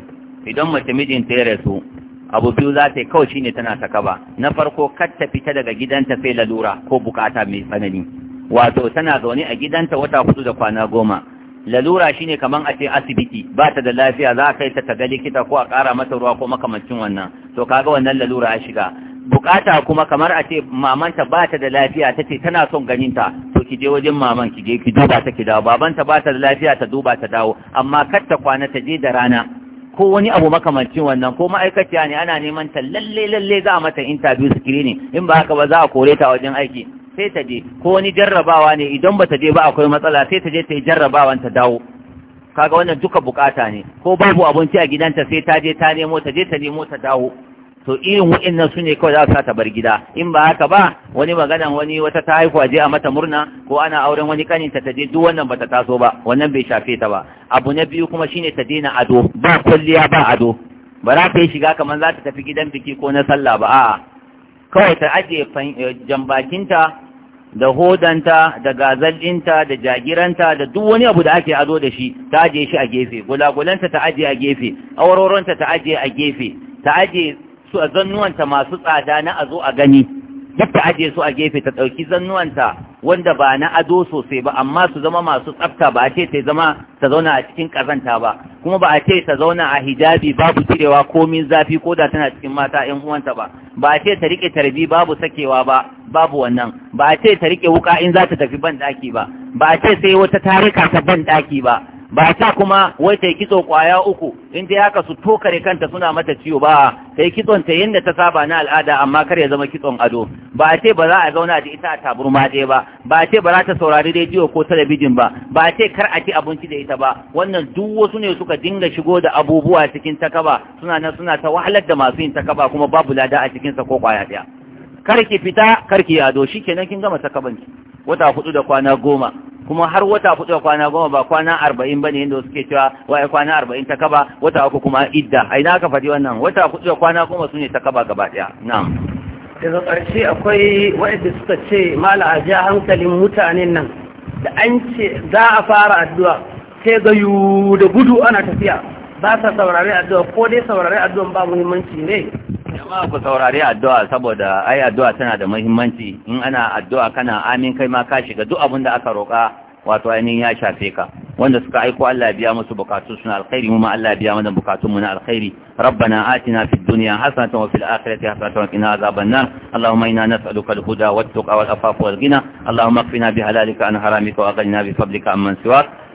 idan mace mijinta ya rasu abu biyu za ta yi kawai shine tana ta kaba. na farko kar ta fita daga gidanta sai lalura ko bukata mai tsanani wato tana zaune a gidanta wata hudu da kwana goma lalura shine kaman a ce asibiti ba ta da lafiya za a kai ta ga likita ko a ƙara mata ruwa ko makamancin wannan to kaga wannan lalura ya shiga bukata kuma kamar a ce mamanta ba ta da lafiya ta ce tana son ganinta to ki je wajen maman ki je ki duba ta ki dawo babanta ba ta da lafiya ta duba ta dawo amma kar ta kwana ta je da rana ko wani abu makamancin wannan ko ma'aikaciya ne ana neman ta lalle lalle za a mata interview screening in ba haka ba za a kore ta wajen aiki sai ta je ko wani jarrabawa ne idan ba ta je ba akwai matsala sai ta je ta yi jarrabawan ta dawo kaga wannan duka bukata ne ko babu abinci a gidanta sai ta je ta nemo ta je ta nemo ta dawo to irin wa'annan su ne kawai za su ta bar gida in ba haka ba wani maganan wani wata ta haihuwa je a mata murna ko ana auren wani kaninta ta je duk wannan bata taso ba wannan bai shafe ta ba abu na biyu kuma shine ta daina ado ba kulliya ba ado ba za ta yi shiga kamar za ta tafi gidan biki ko na sallah ba a'a kawai ta ajiye eh, jambakinta da hodanta da gazalinta, da jagiranta da duk wani abu da ake ado da shi ta aje shi a gefe gulagulanta ta aje a gefe awaroronta ta aje a gefe ta aje su a zannuwanta masu tsada na azo a gani ta aje su a gefe ta ɗauki zannuwanta wanda ba na ado sosai ba amma su zama masu tsafta ba a ce ta zama ta zauna a cikin ƙazanta ba kuma ba a ce ta zauna a hijabi babu cirewa komin zafi ko da tana cikin mata ƴan uwanta ba ba a ce ta riƙe tarbi babu sakewa ba babu wannan ba a ce ta riƙe wuka in za ta tafi ban ɗaki ba ba a ce sai wata tarika ta ban ɗaki ba ba ta kuma wai ta yi kitso kwaya uku in dai haka su tokare kanta suna mata ciwo ba ta yi kitson ta yadda ta saba na al'ada amma kar ya zama kitson ado ba a ce ba za a zauna da ita a taburma ɗaya ba ba a ce ba za ta saurari rediyo ko talabijin ba ba a ce kar a ci abinci da ita ba wannan duk wasu ne suka dinga shigo da abubuwa cikin takaba suna nan suna ta wahalar da masu yin takaba kuma babu lada a cikin sa ko kwaya ɗaya kar ki fita kar ki ado kenan kin gama takabanki wata hudu da kwana goma kuma har wata hudu kwana goma ba kwana arba'in ba ne yadda suke cewa waye kwana arba'in ta kaba wata uku kuma idda a ina aka faɗi wannan wata hudu kwana goma su ne ta kaba gaba ɗaya daga ƙarshe akwai waɗanda suka ce mala a ja hankalin mutanen nan da an ce za a fara addu'a sai ga da gudu ana tafiya ba sa saurari addu'a ko dai saurari addu'a ba muhimmanci ne jama'a ku saurari addu'a saboda ai addu'a tana da muhimmanci in ana addu'a kana amin kai ma ka shiga duk abin da aka roƙa wato ainihin ya shafe ka wanda suka aiko Allah biya musu bukatun suna alkhairi kuma allah ya biya mana bukatun mu na alkhairi rabbana atina fid dunya hasanatan wa fil akhirati hasanatan wa qina azaban nar allahumma inna nas'aluka al-huda wat-tuqa wal afafa wal ghina allahumma qina bi halalika an haramika wa aghnina bi fadlika amman siwak